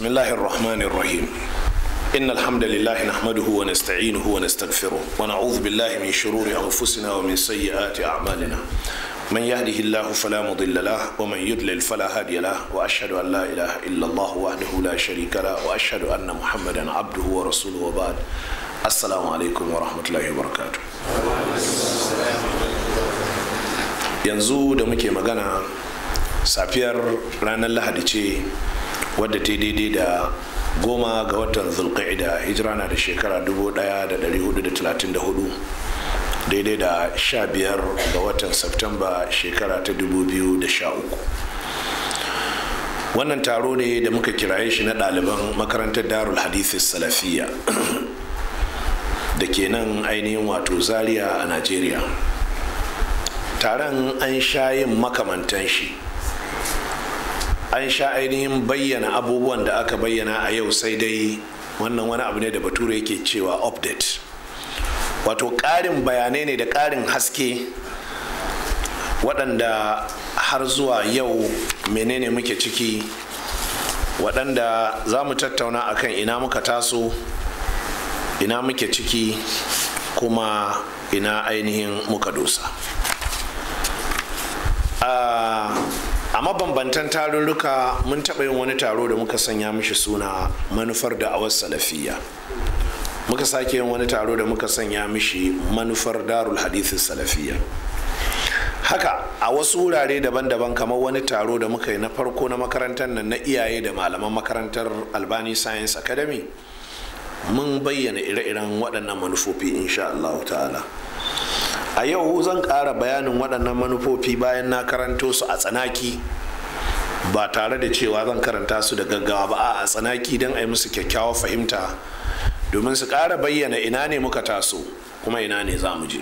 بسم الله الرحمن الرحيم إن الحمد لله نحمده ونستعينه ونستغفره ونعوذ بالله من شرور أنفسنا ومن سيئات أعمالنا من يهده الله فلا مضل له ومن يضلل فلا هادي له واشهد ان لا اله الا الله وحده لا شريك له واشهد ان محمدا عبده ورسوله وبعد السلام عليكم ورحمه الله وبركاته yanzu da muke magana safiyar ranar lahadi ce wadda ta daidai da goma ga watan zulqa'ida hijira na da shekara 1434 daidai da sha biyar ga watan Satumba shekara ta da sha uku. wannan taro ne da muka kiraye shi na ɗaliban makarantar darul hadithi salafiya da ke nan ainihin wato zaria a najeriya taron an sha yin makamantan shi an sha ainihin bayyana abubuwan da aka bayyana a yau sai dai wannan wani abu ne da bature yake cewa update wato ƙarin bayanai ne da ƙarin haske waɗanda har zuwa yau menene muke ciki waɗanda za mu tattauna akan ina muka taso ina muke ciki kuma ina ainihin muka dosa ah, a mabambantan tarurruka mun taɓa yin wani taro da muka sanya mishi suna manufar da'awar salafiya muka sake yin wani taro da muka sanya mishi manufar darul hadithu salafiya haka a wasu wurare daban-daban kamar wani taro da muka yi na farko na makarantar nan na iyaye da malaman makarantar albani science academy mun bayyana ire-iren waɗannan manufofi insha Allah ta'ala a yau zan kara bayanin waɗannan manufofi bayan na karanto su a tsanaki ba tare da cewa zan karanta su da gaggawa ba a tsanaki don a yi musu kyakkyawar fahimta domin su ƙara bayyana ina ne muka taso kuma ina ne za mu je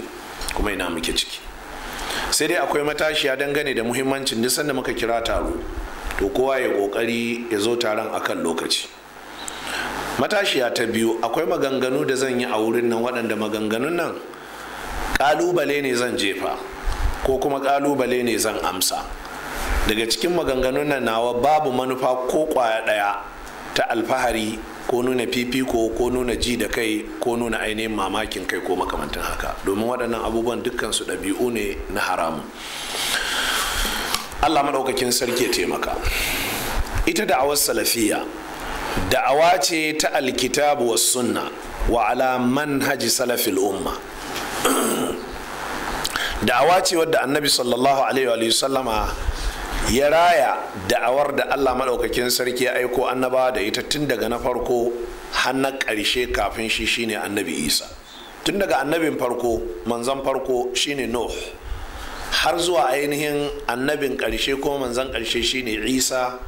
kuma ina muke ciki sai dai akwai matashiya dangane da muhimmancin nisan da muka kira taro to kowa ya kokari ya zo taron akan lokaci matashiya ta biyu akwai maganganu da zan yi a wurin nan waɗanda maganganun nan kalubale ne zan jefa ko kuma kalubale ne zan amsa daga cikin maganganun nan nawa babu manufa ko kwaya daya ta alfahari ko nuna fifiko ko nuna ji da kai ko nuna ainihin mamakin kai ko makamantan haka domin waɗannan abubuwan dukkan su ɗabi'u ne na haramun allah maɗaukakin sarki ya taimaka ita da'awar salafiya da'awa ce ta alkitabu wa sunna wa ala manhaji salafil umma da'awa ce wadda annabi sallallahu alaihi wa sallama ya raya da'awar da allah maɗaukakin sarki ya aiko annabawa da ita tun daga na farko har ƙarshe kafin shi shine annabi isa tun daga annabin farko manzan farko shine nuh har zuwa ainihin annabin ƙarshe ko manzan ƙarshe shine isa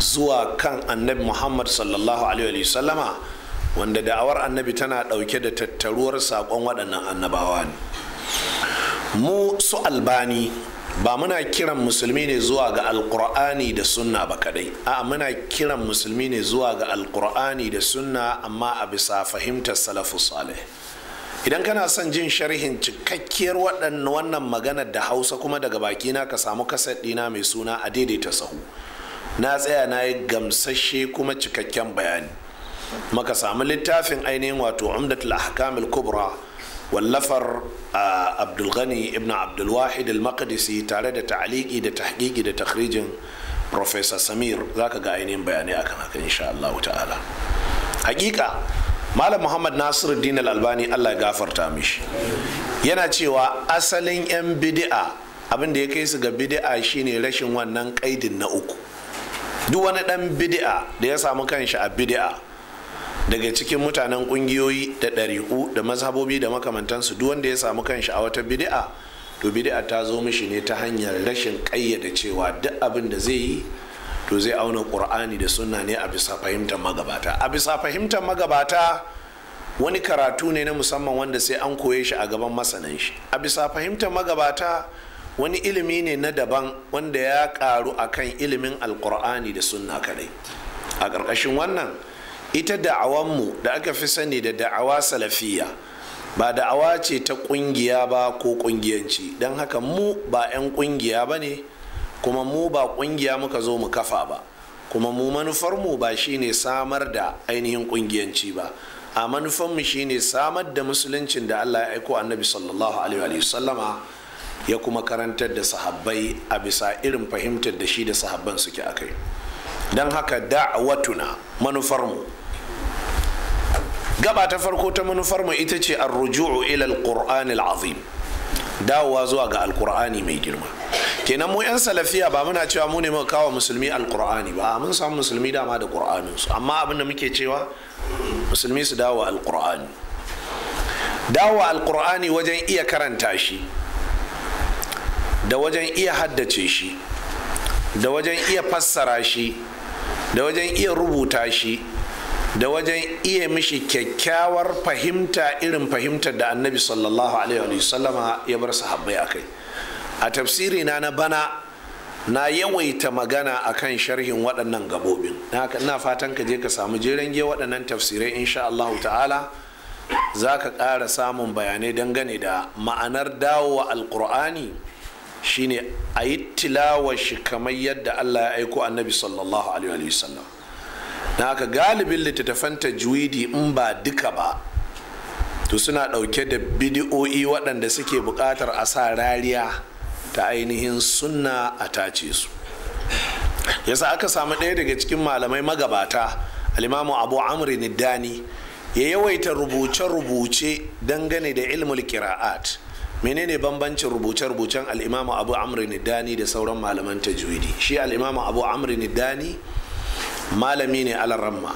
zuwa kan annabi muhammad sallallahu alaihi sallama wanda da'awar annabi tana ɗauke da tattaruwar saƙon waɗannan annabawa ne mu su albani ba muna kiran musulmi ne zuwa ga alkur'ani da sunna ba kadai a muna kiran musulmi ne zuwa ga alkur'ani da sunna amma a bisa fahimtar salafu salih idan kana son jin sharhin cikakkiyar wannan maganar da hausa kuma daga baki na ka samu kasar ɗina mai suna a daidaita sahu na tsaya na yi gamsashe kuma cikakken bayani maka samu littafin ainihin wato umdatul ahkamil kubra wallafar abdulghani ibn abdulwahid al-maqdisi tare da ta'aliki da tahqiqi da takhrijin professor samir zaka ga ainihin bayanai akan haka insha Allah ta'ala hakika malam muhammad nasiruddin al-albani Allah ya gafarta mishi yana cewa asalin 'yan bidi'a abin da ya kai su ga bid'a shine rashin wannan kaidin na uku duk wani dan bid'a da ya samu kanshi a bid'a daga cikin mutanen kungiyoyi da ɗari'u da mazhabobi da makamantansu duk wanda ya samu shi a wata bidi'a to bidi'a ta zo mishi ne ta hanyar rashin ƙayyade cewa duk abin da zai yi to zai auna ƙur'ani da sunna ne a bisa fahimtar magabata a bisa fahimtar magabata wani karatu ne na musamman wanda sai an koye shi a gaban masanan shi a bisa fahimtar magabata wani ilimi ne na daban wanda ya karu akan ilimin alkur'ani da sunna kadai a ƙarƙashin wannan ita mu da aka fi sani da da'awa salafiya ba da'awa ce ta kungiya ba ko kungiyanci don haka mu ba 'yan kungiya ba ne kuma mu ba kungiya muka zo mu kafa ba kuma mu manufarmu ba shine samar da ainihin kungiyanci ba a manufanmu shine samar da musuluncin da allah ya aiko annabi sallallahu alaihi wasallama ya kuma karantar da sahabbai a bisa irin fahimtar da shi da sahabban suke akai don haka da'awatuna manufarmu gaba ta farko ta manufar mu ita ce ar-ruju'u ila al-qur'an al-azim dawowa zuwa ga Alqur'ani mai girma kenan mu yan salafiya ba muna cewa mu ne muka kawo musulmi Alqur'ani ba mun samu musulmi dama da qur'anin su amma abin da muke cewa musulmi su dawo alkur'ani dawo alkur'ani wajen iya karanta shi da wajen iya haddace shi da wajen iya fassara shi da wajen iya rubuta shi da wajen iya mishi kyakkyawar fahimta irin fahimtar da annabi sallallahu alaihi sallama ya bar sahabbai a kai a tafsiri na na bana na yawaita magana akan sharhin waɗannan gabobin na fatan ka je ka samu jeren ge waɗannan tafsirai insha Allah ta'ala za ka ƙara samun bayanai gane da ma'anar dawowa alƙur'ani shine a yi tilawar shi kamar yadda Allah ya aiko annabi sallallahu alaihi wasallam na haka galibin littattafan tajwidi in ba duka ba to suna ɗauke da bidiyo'i waɗanda suke buƙatar a sa rariya ta ainihin sunna a tace su yasa aka samu ɗaya daga cikin malamai magabata alimamu abu amri niddani ya yawaita rubuce-rubuce dangane da ilmul kira'at menene bambancin rubuce-rubucen al'imamu abu amri niddani da sauran malaman tajwidi shi al'imamu abu amri niddani malami ne alaramma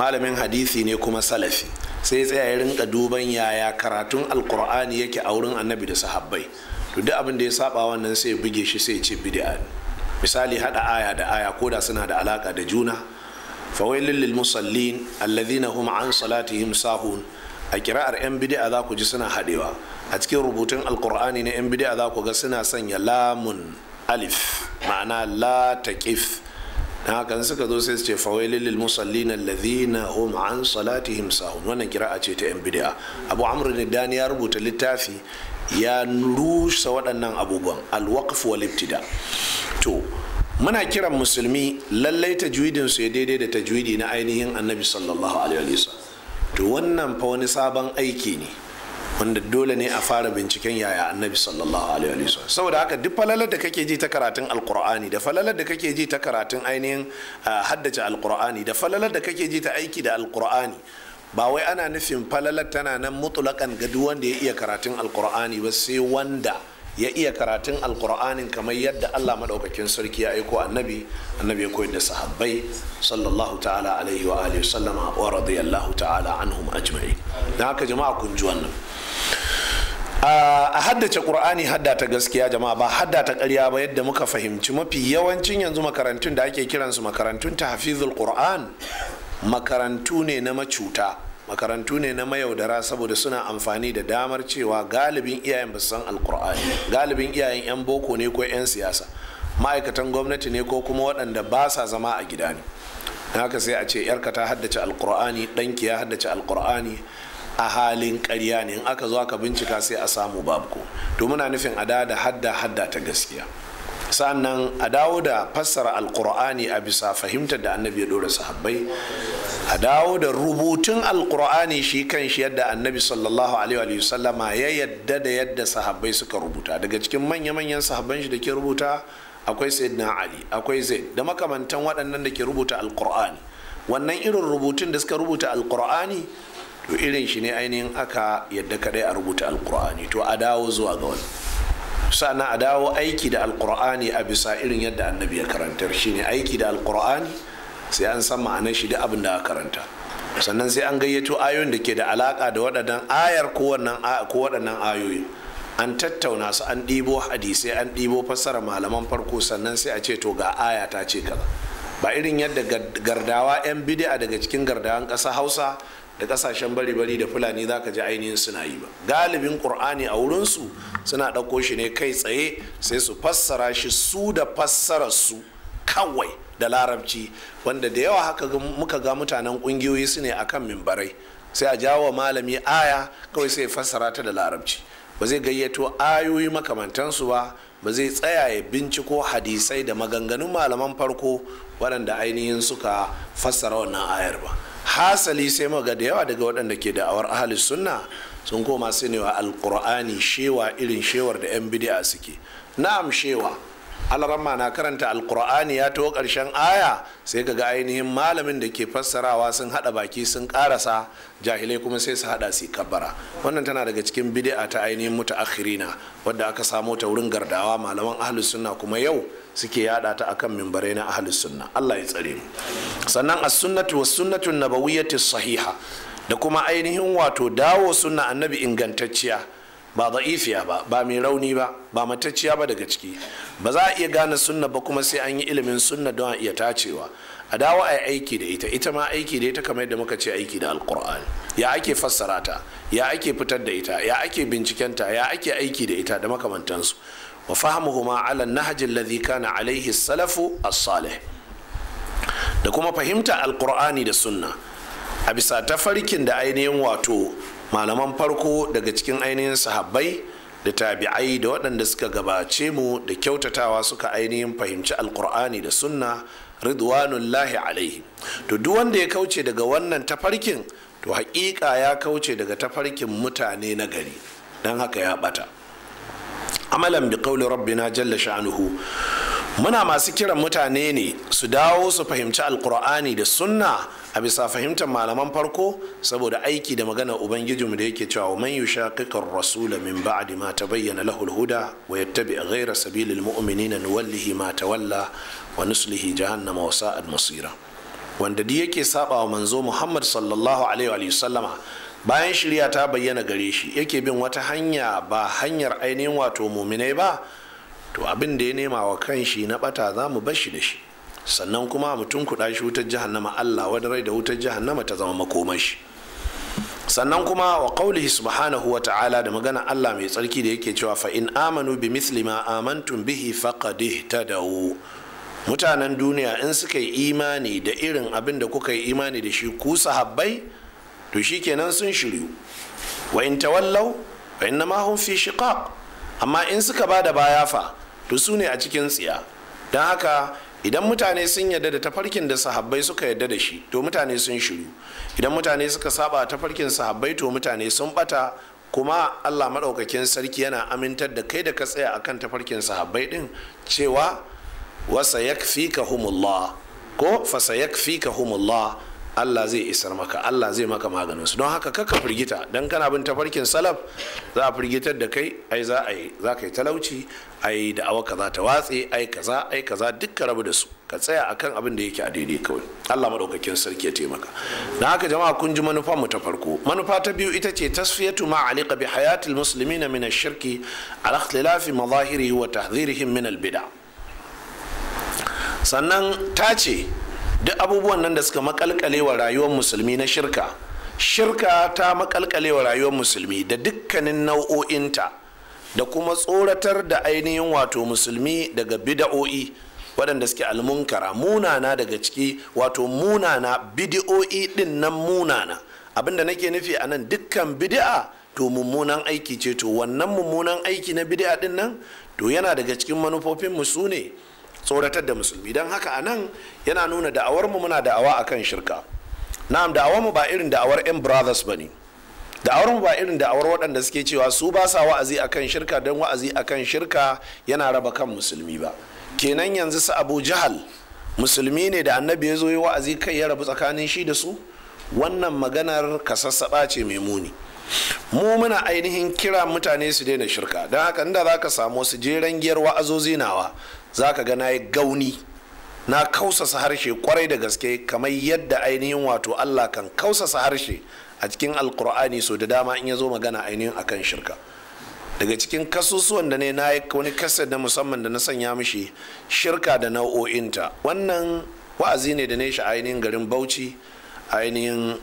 malamin hadisi ne kuma salafi sai tsaya ya rinka duban yaya karatun alkur'ani yake a wurin annabi da sahabbai to duk abin da ya saba wannan sai ya buge shi sai ya ce bid'a misali hada aya da aya ko da suna da alaka da juna fawailin lil musallin alladhina hum an salatihim sahun a kira'ar yan bid'a za ku ji suna hadewa a cikin rubutun alkur'ani na yan bid'a za ku ga suna sanya lamun alif ma'ana la taqif na hakan suka zo sai su ce fawailil lil musallin alladhina hum an salatihim sahun wannan kira'a ce ta yan bid'a abu amr dani ya rubuta littafi ya rusa waɗannan abubuwan Al-Waqf wal ibtida to muna kiran musulmi lallai tajwidin su ya daidai da tajwidi na ainihin annabi sallallahu alaihi wasallam to wannan fa wani sabon aiki ne wanda dole ne a fara binciken yaya annabi sallallahu alaihi wa sallam. saboda haka duk falalar da kake ji ta karatun alqur'ani da falalar da kake ji ta karatun ainihin haddace alqur'ani da falalar da kake ji ta aiki da alqur'ani ba wai ana nufin falalar tana nan mutulakan ga duk wanda ya iya karatun alqur'ani ba sai wanda ya iya karatun alqur'anin kamar yadda Allah madaukakin sarki ya aiko annabi annabi ya koyar da sahabbai sallallahu ta'ala alaihi wa alihi sallama wa radiyallahu ta'ala anhum ajma'in dan haka jama'a kun ji wannan a haddace qur'ani ta gaskiya jama'a ba hadda ta ƙarya ba yadda muka fahimci mafi yawancin yanzu makarantun da ake kiransu makarantun hafizul qur'an makarantu ne na macuta makarantu ne na mayaudara saboda suna amfani da damar cewa galibin iyayen ba san alkur'ani galibin iyayen 'yan boko ne ko 'yan siyasa ma'aikatan gwamnati ne ko kuma waɗanda ba sa zama a gida ne haka sai a ce yarka ta haddace alkur'ani ɗanki ya haddace alkur'ani a halin karya ne in aka zo aka bincika sai a samu babu ko to muna nufin a da hadda hadda ta gaskiya sannan a dawo da fassara alkur'ani a bisa fahimtar da annabi ya dora sahabbai a dawo da rubutun alkur'ani shi kan shi yadda annabi sallallahu alaihi wa sallama ya yadda da yadda sahabbai suka rubuta daga cikin manya-manyan sahabban shi da ke rubuta akwai sayyidina ali akwai zaid da makamantan waɗannan da ke rubuta alkur'ani wannan irin rubutun da suka rubuta alkur'ani to irin shi ne ainihin aka yadda kadai a rubuta alkur'ani to a dawo zuwa ga wani sannan a dawo aiki da alkur'ani a bisa irin yadda annabi ya karantar ne aiki da alkur'ani sai an san ma'anar shi da abin da aka karanta sannan sai an gayyato ayoyin da ke da alaka da waɗannan ayar ko waɗannan ayoyin an tattauna su an ɗibo hadisai an ɗibo fassara malaman farko sannan sai a ce to ga aya ta ce kaza ba irin yadda gardawa 'yan bidi'a daga cikin gardawan ƙasa hausa da kasashen bari-bari da fulani za ka ji ainihin suna yi ba galibin ƙur'ani a wurinsu suna ɗauko shi ne kai tsaye sai su fassara shi su da fassara su kawai da larabci wanda da yawa haka muka ga mutanen ƙungiyoyi su ne akan mimbarai sai a jawo malami aya kawai sai fassara ta da larabci ba zai gayyato ayoyi makamantansu ba ba zai tsaya ya binciko hadisai da maganganun malaman farko waɗanda ainihin suka fassara wannan ayar ba hasali sai muga da yawa daga waɗanda ke da'awar ahalis sunna sun koma su ne wa alƙur'ani shewa irin shewar da 'yan bidi'a suke na'am shewa alarama na karanta Alƙur'ani ya taho ƙarshen aya sai ga ainihin malamin da ke fassarawa sun haɗa baki sun ƙarasa jahilai kuma sai su haɗa su kabbara wannan tana daga cikin bidi'a ta ainihin Akhirina wadda aka samo ta wurin gardawa malaman ahli sunna kuma yau suke yada ta akan mimbarai na ahli sunna Allah ya tsare mu sannan as-sunnatu was-sunnatu nabawiyyati sahiha da kuma ainihin wato dawo sunna annabi ingantacciya ba da'ifiya ba ba mai rauni ba ba matacciya ba daga ciki ba za a iya gane sunna ba kuma sai an yi ilimin sunna don a iya tacewa a dawo a aiki da ita ita ma aiki da ita kamar yadda muka ce aiki da alkur'ani ya ake fassara ta ya ake fitar da ita ya ake bincikenta ya ake aiki da ita da makamantansu wa fahmuhuma ala an Ladi, kana alayhi salafu as da kuma fahimta alkur'ani da sunna a bisa tafarkin da ainihin wato malaman farko daga cikin ainihin sahabbai da tabi'ai da waɗanda suka gabace mu da kyautatawa suka ainihin fahimci alkur'ani da sunna ridwanullahi alaihi to duk wanda ya kauce daga wannan tafarkin to haƙiƙa ya kauce daga tafarkin mutane na gari don haka ya ɓata amalan bi qawli rabbina jalla sha'nuhu muna masu kiran mutane ne su dawo su fahimci alkur'ani da sunna a bisa fahimtar malaman farko saboda aiki da magana ubangijinmu da yake cewa man yushaqiqir rasula min ba'di ma tabayyana lahu al-huda wa yattabi ghayra sabilil mu'minina nuwallihi ma tawalla wa nuslihi jahannama wa sa'at masira wanda di yake saba manzo Muhammad sallallahu alaihi wa sallama bayan shirya ta bayyana gare shi yake bin wata hanya ba hanyar ainihin wato muminai ba to abin da ya nema wa kanshi na bata za mu bar shi da shi sannan kuma mutum kuɗa shi wutar jahannama Allah wadda rai da wutar jahannama ta zama makomar shi sannan kuma wa qaulihi subhanahu wa ta'ala da magana Allah mai tsarki da yake cewa fa in amanu bi misli ma amantum bihi faqad ihtadaw mutanen duniya in suka yi imani da irin abin da kuka yi imani da shi ku sahabbai to kenan sun shiryu wa in wa in innama hum fi shiqaq amma in suka ba da baya fa to su ne a cikin tsiya don haka idan mutane sun yarda da tafarkin da sahabbai suka yarda da shi to mutane sun shiru idan mutane suka saba tafarkin sahabbai to mutane sun bata kuma allah maɗaukakin sarki yana amintar da kai da ka tsaya akan tafarkin sahabbai din cewa wasa ka humullah ko fasa ka humullah Allah zai isar maka Allah zai maka maganin su don haka kaka firgita don kana bin tafarkin salaf za a firgitar da kai ai za a yi za ka yi talauci ai da awa kaza ta watse ai kaza ai kaza dukka rabu da su ka tsaya akan abin da yake a daidai kawai Allah madaukakin sarki ya taimaka na haka jama'a kun ji manufar mu ta farko manufa ta biyu ita ce tasfiyatu ma aliqa bi hayatil muslimin min ash-shirki ala ikhtilafi madahirihi wa tahdhirihim min al-bid'a sannan ta ce duk abubuwan nan da suka makalkale wa rayuwar musulmi na shirka shirka ta makalkale wa rayuwar musulmi da dukkanin nau'o'inta da kuma tsoratar da ainihin wato musulmi daga bida'o'i waɗanda suke almunkara munana daga ciki wato munana bidi'o'i ɗin nan munana abinda nake nufi a nan dukkan bidi'a to mummunan aiki ce to wannan mummunan aiki na bidi'a ɗin nan to yana daga cikin manufofin mu su ne tsoratar da musulmi don haka a nan yana nuna da'awar mu muna da'awa a kan shirka na'am da'awar mu ba irin da'awar yan brothers ba ne da'awar mu ba irin da'awar waɗanda suke cewa su ba sa wa'azi kan shirka don wa'azi a kan shirka yana raba kan musulmi ba kenan yanzu su abu jahal musulmi ne da annabi ya zo yi wa'azi kai ya rabu tsakanin shi da su wannan maganar kasassaɓa ce mai muni mu muna ainihin kira mutane su daina shirka don haka inda za ka samu su jeren giyar wa'azozi nawa za ka ga na yi gauni na kausasa harshe kwarai da gaske kamar yadda ainihin wato allah kan kausasa harshe a cikin alkur'ani so da dama in ya zo magana ainihin akan shirka daga cikin kasusuwan da ne na yi wani kasar na musamman da na sanya mishi shirka da nau'o'inta wannan wa'azi ne da ne shi ainihin garin bauchi ainihin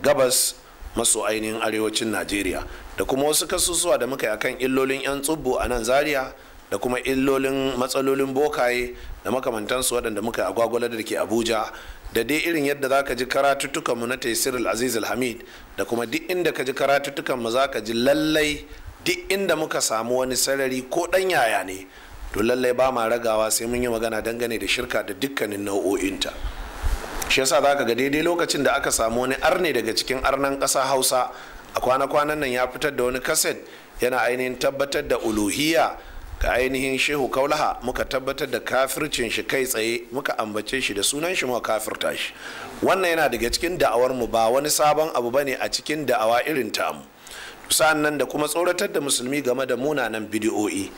gabas maso ainihin arewacin najeriya da kuma wasu kasusuwa da muka yi akan illolin 'yan tsubbo a nan zaria da kuma illolin matsalolin bokaye da makamantansu waɗanda muka agwagwala da ke abuja da dai irin yadda za ka ji karatuttukan mu na taisirul aziz hamid da kuma duk inda ka ji karatuttukan mu za ka ji lallai duk inda muka samu wani sarari ko ɗan yaya ne to lallai ba ma ragawa sai mun yi magana dangane da shirka da dukkanin nau'o'inta shi yasa za ka ga daidai lokacin da aka samu wani arne daga cikin arnan ƙasa hausa a kwana-kwanan nan ya fitar da wani kaset yana ainihin tabbatar da uluhiya ga ainihin shehu kaulaha muka tabbatar da kafircin shi kai tsaye muka ambace shi da sunan shi muka kafirta shi wannan yana daga cikin da'awar mu ba wani sabon abu bane a cikin da'awa irin ta mu sa'annan da kuma tsoratar da musulmi game da munanan bidiyo'i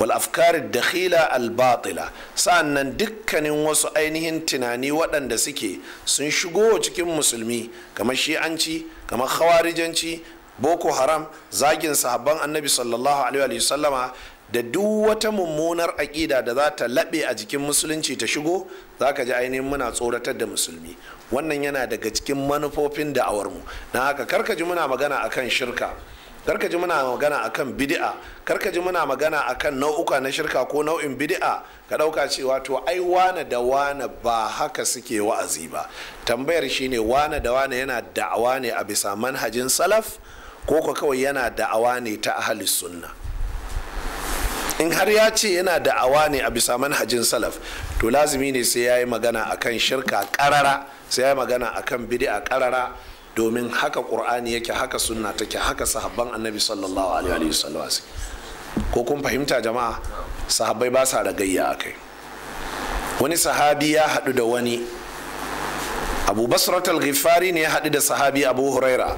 wal afkari dakhila al batila sa'annan dukkanin wasu ainihin tunani waɗanda suke sun shigo cikin musulmi kamar shi'anci kamar khawarijanci boko haram zagin sahabban annabi sallallahu alaihi wa sallama da duk wata mummunar aƙida da za ta laɓe a jikin musulunci ta shigo za ka ji ainihin muna tsoratar da musulmi wannan yana daga cikin manufofin da'awarmu na haka karka ji muna magana akan shirka karka ji muna magana akan bid'a karka ji muna magana akan nau'uka na shirka ko nau'in bid'a ka ɗauka cewa to ai wane da wane ba haka suke wa'azi ba tambayar shine wane da wane yana da'awa ne a bisa manhajin salaf ko kawai yana da'awa ne ta ahli sunna in har ya ce yana da'awa ne a bisa manhajin salaf to lazimi ne sai ya yi magana a kan shirka karara sai ya yi magana a akan bid'a karara domin haka ƙur'ani yake haka sunna take haka sahabban annabi sallallahu alaihi wa ko kun fahimta jama'a sahabbai ba sa ragayya kai. wani sahabi ya haɗu da wani abu basratul ghifari ne ya haɗu da sahabi abu huraira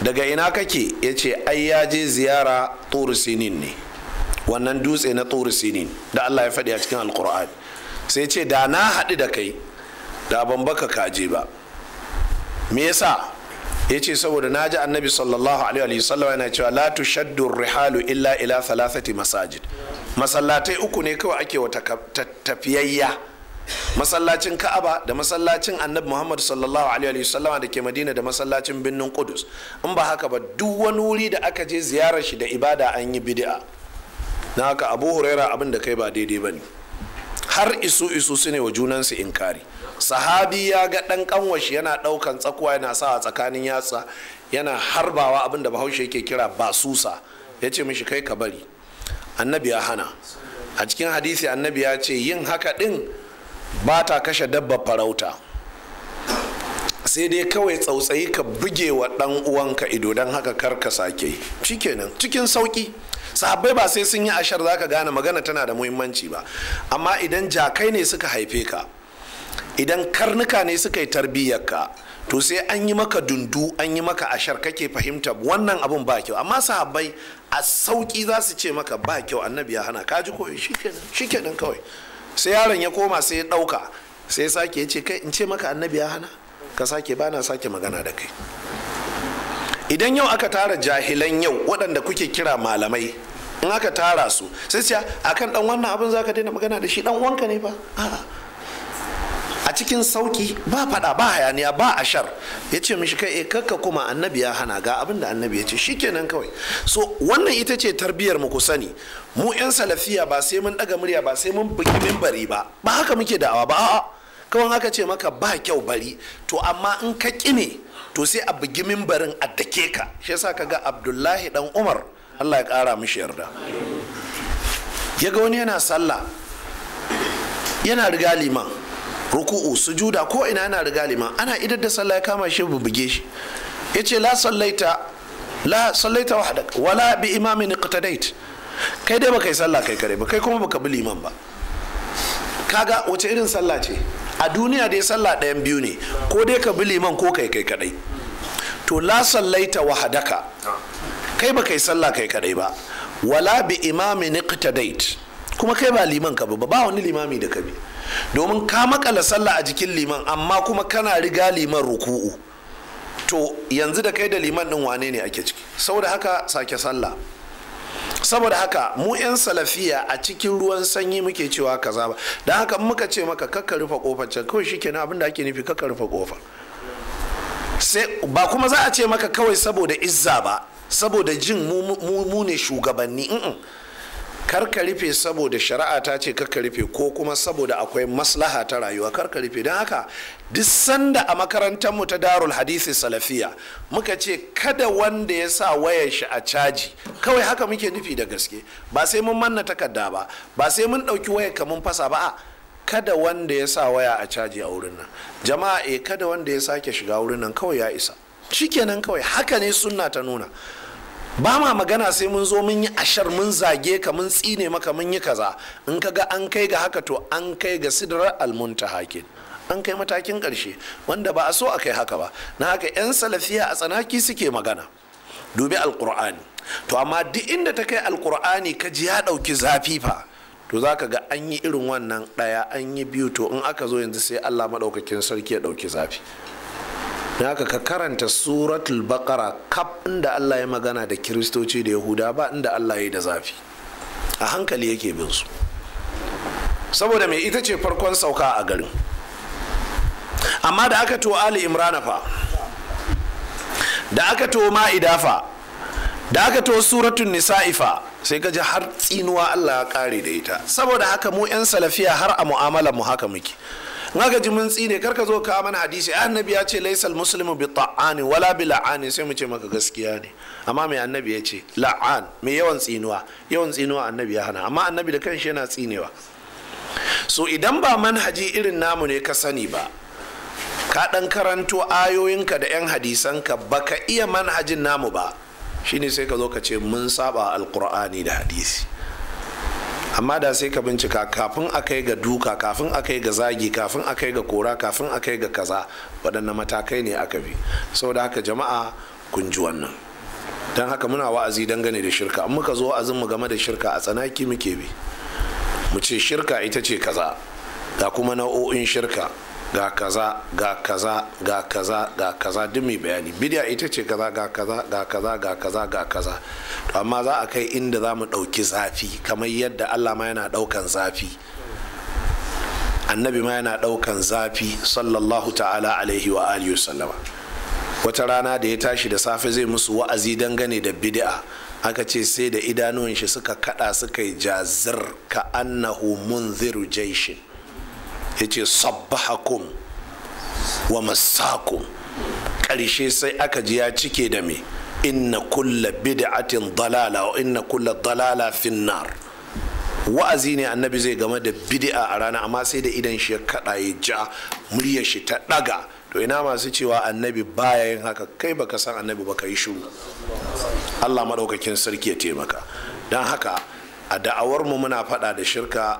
daga ina kake ya ce ai ya je ziyara turu sinin ne wannan dutse na tsuri sinin da allah ya faɗi a cikin alkur'ani sai ce da na haɗu da kai da ban baka kaje ba me yasa ya ce saboda na ji annabi sallallahu alaihi wasallam yana cewa la tushaddu rihalu illa ila thalathati masajid masallatai uku ne kawai ake wata tafiyayya masallacin ka'aba da masallacin annabi muhammad sallallahu alaihi wasallama da ke madina da masallacin birnin kudus in ba haka ba duk wani wuri da aka je ziyarar shi da ibada an yi bid'a na haka abu huraira abin da kai ba daidai ba ne har isu isu su ne wa junansu in kari sahabi ya ga ɗan kanwashi yana ɗaukan tsakuwa yana sa a tsakanin yatsa yana harbawa abin da bahaushe yake kira basusa ya ce mishi kai ka bari annabi ya hana a cikin hadisi annabi ya ce yin haka ɗin ba ta kashe dabba farauta sai dai kawai tsautsayi ka buge wa ɗan uwanka ido don haka kar ka sake shikenan cikin sauki sahabbai ba sai sun yi ashar ka gane magana tana da muhimmanci ba amma idan jakai ne suka haife ka idan karnuka ne suka yi tarbiyyarka to sai an yi maka dundu an yi maka ashar kake fahimta wannan abun ba kyau amma sahabbai a sauki za su ce maka ba kyau annabi ya hana kaji ko eh, shikenan kawai sai yaron ya koma sai ya dauka sai sake ya ce kai in ce maka annabi ya hana ka sake bana sake magana da kai idan yau aka tara jahilan yau waɗanda kuke kira malamai in aka tara su sai ce kan ɗan wannan abin ka daina magana da shi ɗan wanka ne ba a cikin sauki ba fada ba hayaniya ba ashar ya ce mishi kai eh, kakka kuma annabi ya hana ga abin da annabi ya ce shi kenan kawai so wannan ita ce tarbiyyar mu ku sani mu yan salafiya ba sai mun ɗaga murya ba sai mun buki minbari ba ba haka muke da'awa ba a'a kawai aka ce maka ba kyau bari to amma in ka ƙi ne to sai a bugi mimbarin a dake ka shi yasa ga abdullahi dan umar allah ya kara mishi yarda ya ga wani yana sallah yana riga liman ruku'u sujuda ko ina yana riga liman ana idar da sallah ya kama shi buge shi ya ce la sallaita la sallaita wahdak wala bi imamin iqtadait kai dai baka yi sallah kai kare ba kai kuma baka bi liman ba kaga wace irin sallah ce a duniya dai sallah ɗayan biyu ne ko dai ka bi liman ko kai kai kadai to la sallaita wahadaka kai ba kai sallah kai kadai ba wala bi imami niqtadait kuma kai ba liman ka ba ba wani limami da ka domin ka makala sallah a jikin liman amma kuma kana riga liman ruku'u to yanzu da kai da liman din wane ne ake ciki saboda haka sake sallah saboda haka mu 'yan salafiya a cikin ruwan sanyi muke cewa kaza ba don haka muka ce maka kakka rufe kofar can kawai shi kenan abin da ake nufi kakka rufe kofa ba kuma za a ce maka kawai saboda izza ba saboda jin mu ne shugabanni karka rufe saboda shari'a ta ce karka rufe ko kuma saboda akwai maslaha ta rayuwa karka rufe don haka duk sanda a makarantar mu ta darul hadisi salafiya muka ce kada wanda ya sa wayar shi a caji kawai haka muke nufi da gaske ba sai mun manna takarda ba ba sai mun ɗauki wayar ka mun fasa ba kada wanda ya sa waya a caji a wurin nan jama'a eh kada wanda ya sake shiga wurin nan kawai ya isa shikenan kawai haka ne sunna ta nuna ba ma magana sai mun zo mun yi ashar mun zage ka mun tsine maka mun yi kaza in ka ga an kai ga haka to an kai ga sidrar almunta hakin an kai matakin ƙarshe wanda ba a so a kai haka ba na haka 'yan salafiya a tsanaki suke magana dubi alkur'ani to amma duk inda ta kai alkur'ani ka ji ya ɗauki zafi fa to za ka ga an yi irin wannan ɗaya an yi biyu to in aka zo yanzu sai allah maɗaukakin sarki ya ɗauki zafi da haka ka karanta suratul bakara kaf inda Allah ya magana da kiristoci da yahuda ba inda Allah ya da zafi a hankali yake bin su saboda mai ita ce farkon sauka a garin amma da aka to ali imrana fa da aka to ma'ida fa da aka to suratun Nisa'ifa, sai ka ji har tsinuwa Allah ya kare da ita saboda haka mu 'yan salafiya har a mu'amalar mu haka muke naka ji mun tsine ka zo ka mana hadisi annabi ya ce laisal muslimu bi ta'ani wala bi la'ani sai mu ce maka gaskiya ne amma mai annabi ya ce la'an mai yawan tsinuwa yawan tsinuwa annabi ya hana amma annabi da kanshi yana tsinewa so idan ba manhaji irin namu ne ka sani ba ka dan karanto ayoyinka da yan hadisanka baka iya manhajin namu ba shine sai ka zo ka ce mun saba alqur'ani da hadisi amma da sai ka bincika kafin a kai ga duka kafin a kai ga zagi kafin a kai ga kora kafin a kai ga kaza waɗanne matakai ne aka bi saboda haka jama'a kun ji wannan don haka muna wa'azi dangane da shirka in muka zo wa'azin mu game da shirka a tsanaki muke bi mu ce shirka ita ce kaza ga kuma nau'o'in shirka ga kaza ga kaza ga kaza ga kaza duk mai bayani bidiya ita ce kaza ga kaza ga kaza ga kaza ga kaza to amma za a kai inda za mu ɗauki zafi kamar yadda allah ma yana ɗaukan zafi annabi ma yana ɗaukan zafi sallallahu ta'ala alaihi wa alihi wata rana da ya tashi da safe zai musu wa'azi dangane da bid'a aka ce sai da idanuwan shi suka kada suka yi jazir ka annahu munziru jaishin ya ce sabbahakum wa masakum ƙarshe sai aka ji ya cike da me inna kulla bid'atin dalala wa inna kulla dalala finnar wa'azi ne annabi zai game da bid'a a rana amma sai da idan shi ya kada ya ja murya shi ta ɗaga. to ina masu cewa annabi baya yin haka kai baka san annabi baka yi shiru Allah madaukakin sarki ya taimaka don haka a da'awar mu muna faɗa da shirka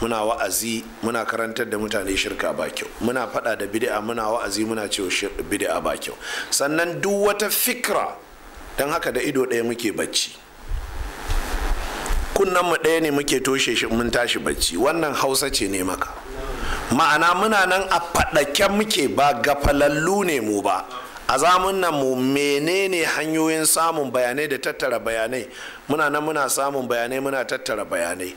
muna wa'azi muna karantar da mutane shirka ba kyau muna fada da bid'a muna wa'azi muna cewa bid'a ba kyau sannan duk wata fikra don haka da ido ɗaya muke bacci kunnan mu ɗaya ne muke toshe shi mun tashi bacci wannan hausa ce ne maka ma'ana muna nan a faɗake muke ba gafalallu ne mu ba a nan mu menene hanyoyin samun bayanai da tattara bayanai muna nan muna samun bayanai muna tattara bayanai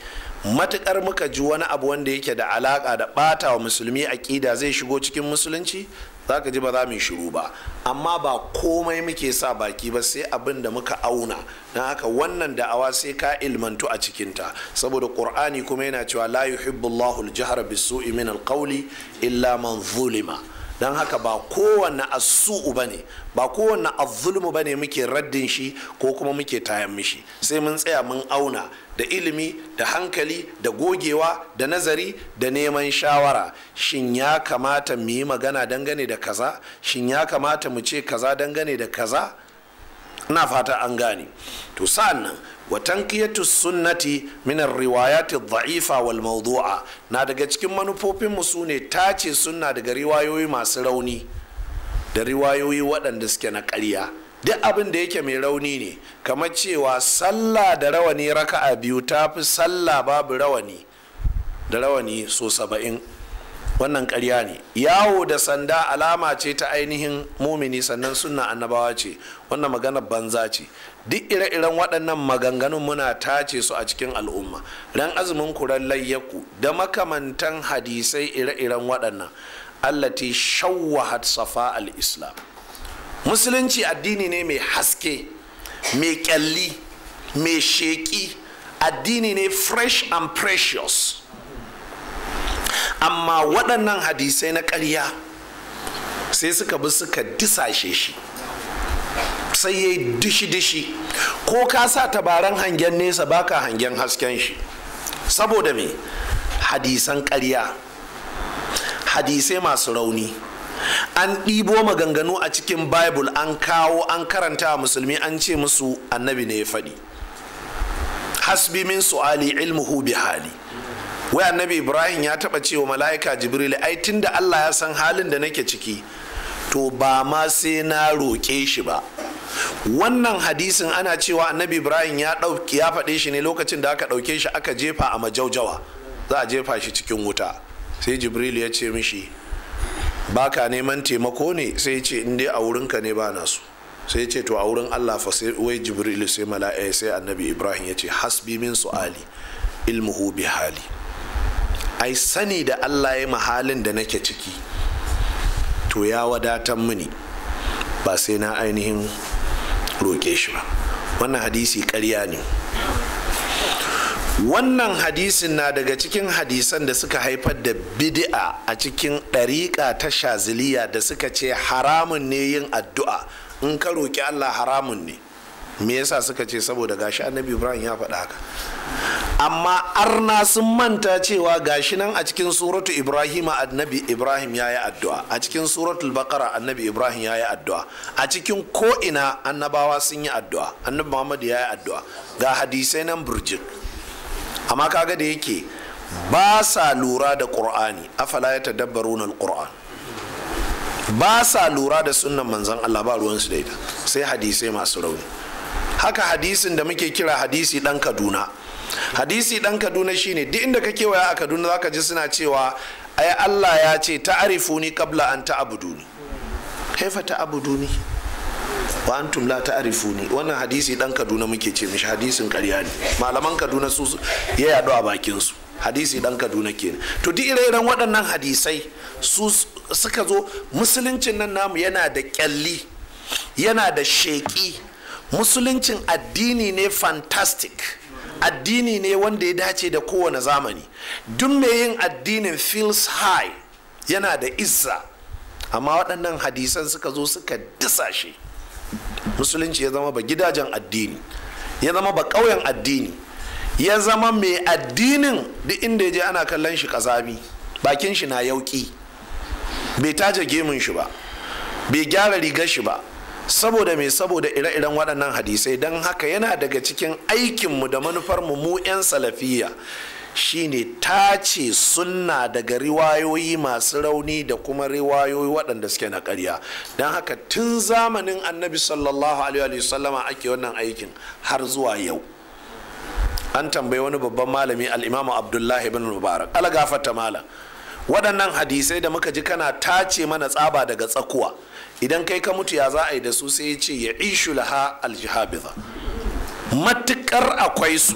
matukar muka ji wani abu wanda yake da alaka da bata wa musulmi aƙida zai shigo cikin musulunci za ka ji ba za mu shiru ba amma ba komai muke sa baki ba sai abin da muka auna na haka wannan da'awa sai ka ilmantu a cikinta saboda qur'ani kuma yana cewa la yuhibbullahu al-jahra bis-su'i min al-qawli illa man zulima don haka ba kowanne asu'u ba ne ba kowanne azzulmu ba ne muke raddin shi ko kuma muke tayan mishi sai mun tsaya mun auna da ilimi da hankali da gogewa da nazari da neman shawara shin ya kamata mu yi magana dangane da kaza shin ya kamata mu ce kaza dangane da kaza na fata an gane to sa'annan wa tanqiyatu sunnati min riwayati dha'ifa wal mawdu'a na daga cikin manufofin mu sune tace sunna daga riwayoyi masu rauni da riwayoyi waɗanda suke na ƙarya duk abin da yake mai rauni ne kamar cewa sallah da rawani raka'a biyu ta fi sallah babu rawani da rawani so saba'in wannan karya ne yawo da sanda alama ce ta ainihin mumini sannan sunna annabawa ce wannan magana banza ce duk ire-iren waɗannan maganganun muna tace su a cikin al'umma ran azumin kuran layyaku da makamantan hadisai ire-iren waɗannan allati shawwahat safa al-islam musulunci addini ne mai haske mai kyalli mai sheki addini ne fresh and precious amma waɗannan hadisai na ƙarya sai suka bi suka disashe shi sai ya yi dishi-dishi ko ka sa tabaran hangen nesa baka hangen hasken shi saboda me hadisan ƙarya hadisai masu rauni an ɗibo maganganu a cikin bible an kawo an karanta musulmi an ce musu annabi ne ya faɗi hasbi min su'ali ilmuhu bi hali wai annabi ibrahim ya taɓa cewa mala'ika jibril ai tun da allah ya san halin da nake ciki to ba ma sai na roƙe shi ba wannan hadisin ana cewa annabi ibrahim ya ya faɗe shi ne lokacin da aka ɗauke shi aka jefa a majaujawa za a jefa shi cikin wuta sai jibril ya ce mishi baka neman taimako ne sai ce in dai a wurinka ne ba na sai ce to a wurin Allah fa sai wai Jibril sai Mala'a eh, sai Annabi Ibrahim ya ce hasbi min Ali ilmuhu bi hali ai sani da Allah ya mahalin da nake ciki to ya wadatan mini ba sai na ainihin roƙe shi ba wannan hadisi ƙarya ne wannan hadisin na daga cikin hadisan da suka haifar da bid'a a cikin ɗariƙa ta shaziliya da suka ce haramun ne yin addu'a in ka roƙi allah haramun ne me yasa suka ce saboda gashi annabi ibrahim ya faɗa haka amma arna sun manta cewa gashi nan a cikin suratu ibrahim annabi ibrahim ya yi addu'a a cikin suratul bakara annabi ibrahim ya yi addu'a a cikin ko'ina annabawa sun yi addu'a annabi muhammad ya yi addu'a ga hadisai nan burjik amma kaga da yake ba sa lura da qur'ani afala ya tadabbaruna alquran ba sa lura da sunnan manzon Allah ba su da ita sai hadisai masu rauni haka hadisin da muke kira hadisi ɗan Kaduna hadisi ɗan Kaduna shine duk inda ka kewaya a Kaduna zaka ji suna cewa ai Allah ya ce ta'arifuni qabla an ta'buduni kaifa ta'buduni wa antum la ta'rifuni wannan hadisi dan Kaduna muke ce mishi hadisin ƙarya ne malaman Kaduna su ya yado a bakin su hadisi dan Kaduna kenan to duk ire-iren waɗannan hadisai su suka zo musuluncin nan namu yana da kyalli yana da sheki. musuluncin addini ne fantastic addini ne wanda ya dace da kowane zamani duk mai yin addinin feels high yana da izza amma waɗannan hadisan suka zo suka disa shi musulunci ya zama ba gidajen addini ya zama ba ƙauyen addini ya zama mai addinin duk inda ya je ana kallon shi kazami bakin shi na yauƙi, bai taje gemun shi ba bai gyara rigar shi ba saboda mai saboda ire-iren waɗannan hadisai don haka yana daga cikin aikinmu da manufarmu mu 'yan salafiya shine tace sunna daga riwayoyi masu rauni da kuma riwayoyi waɗanda suke na ƙarya don haka tun zamanin annabi sallallahu alaihi wasallama ake wannan aikin har zuwa yau an tambayi wani babban malami al'imamu abdullahi bin mubarak alagafata malam waɗannan hadisai da muka ji kana tace mana tsaba daga tsakuwa idan kai ka mutu ya za a yi da su sai ya ce ya ishu laha aljihabiza matuƙar akwai su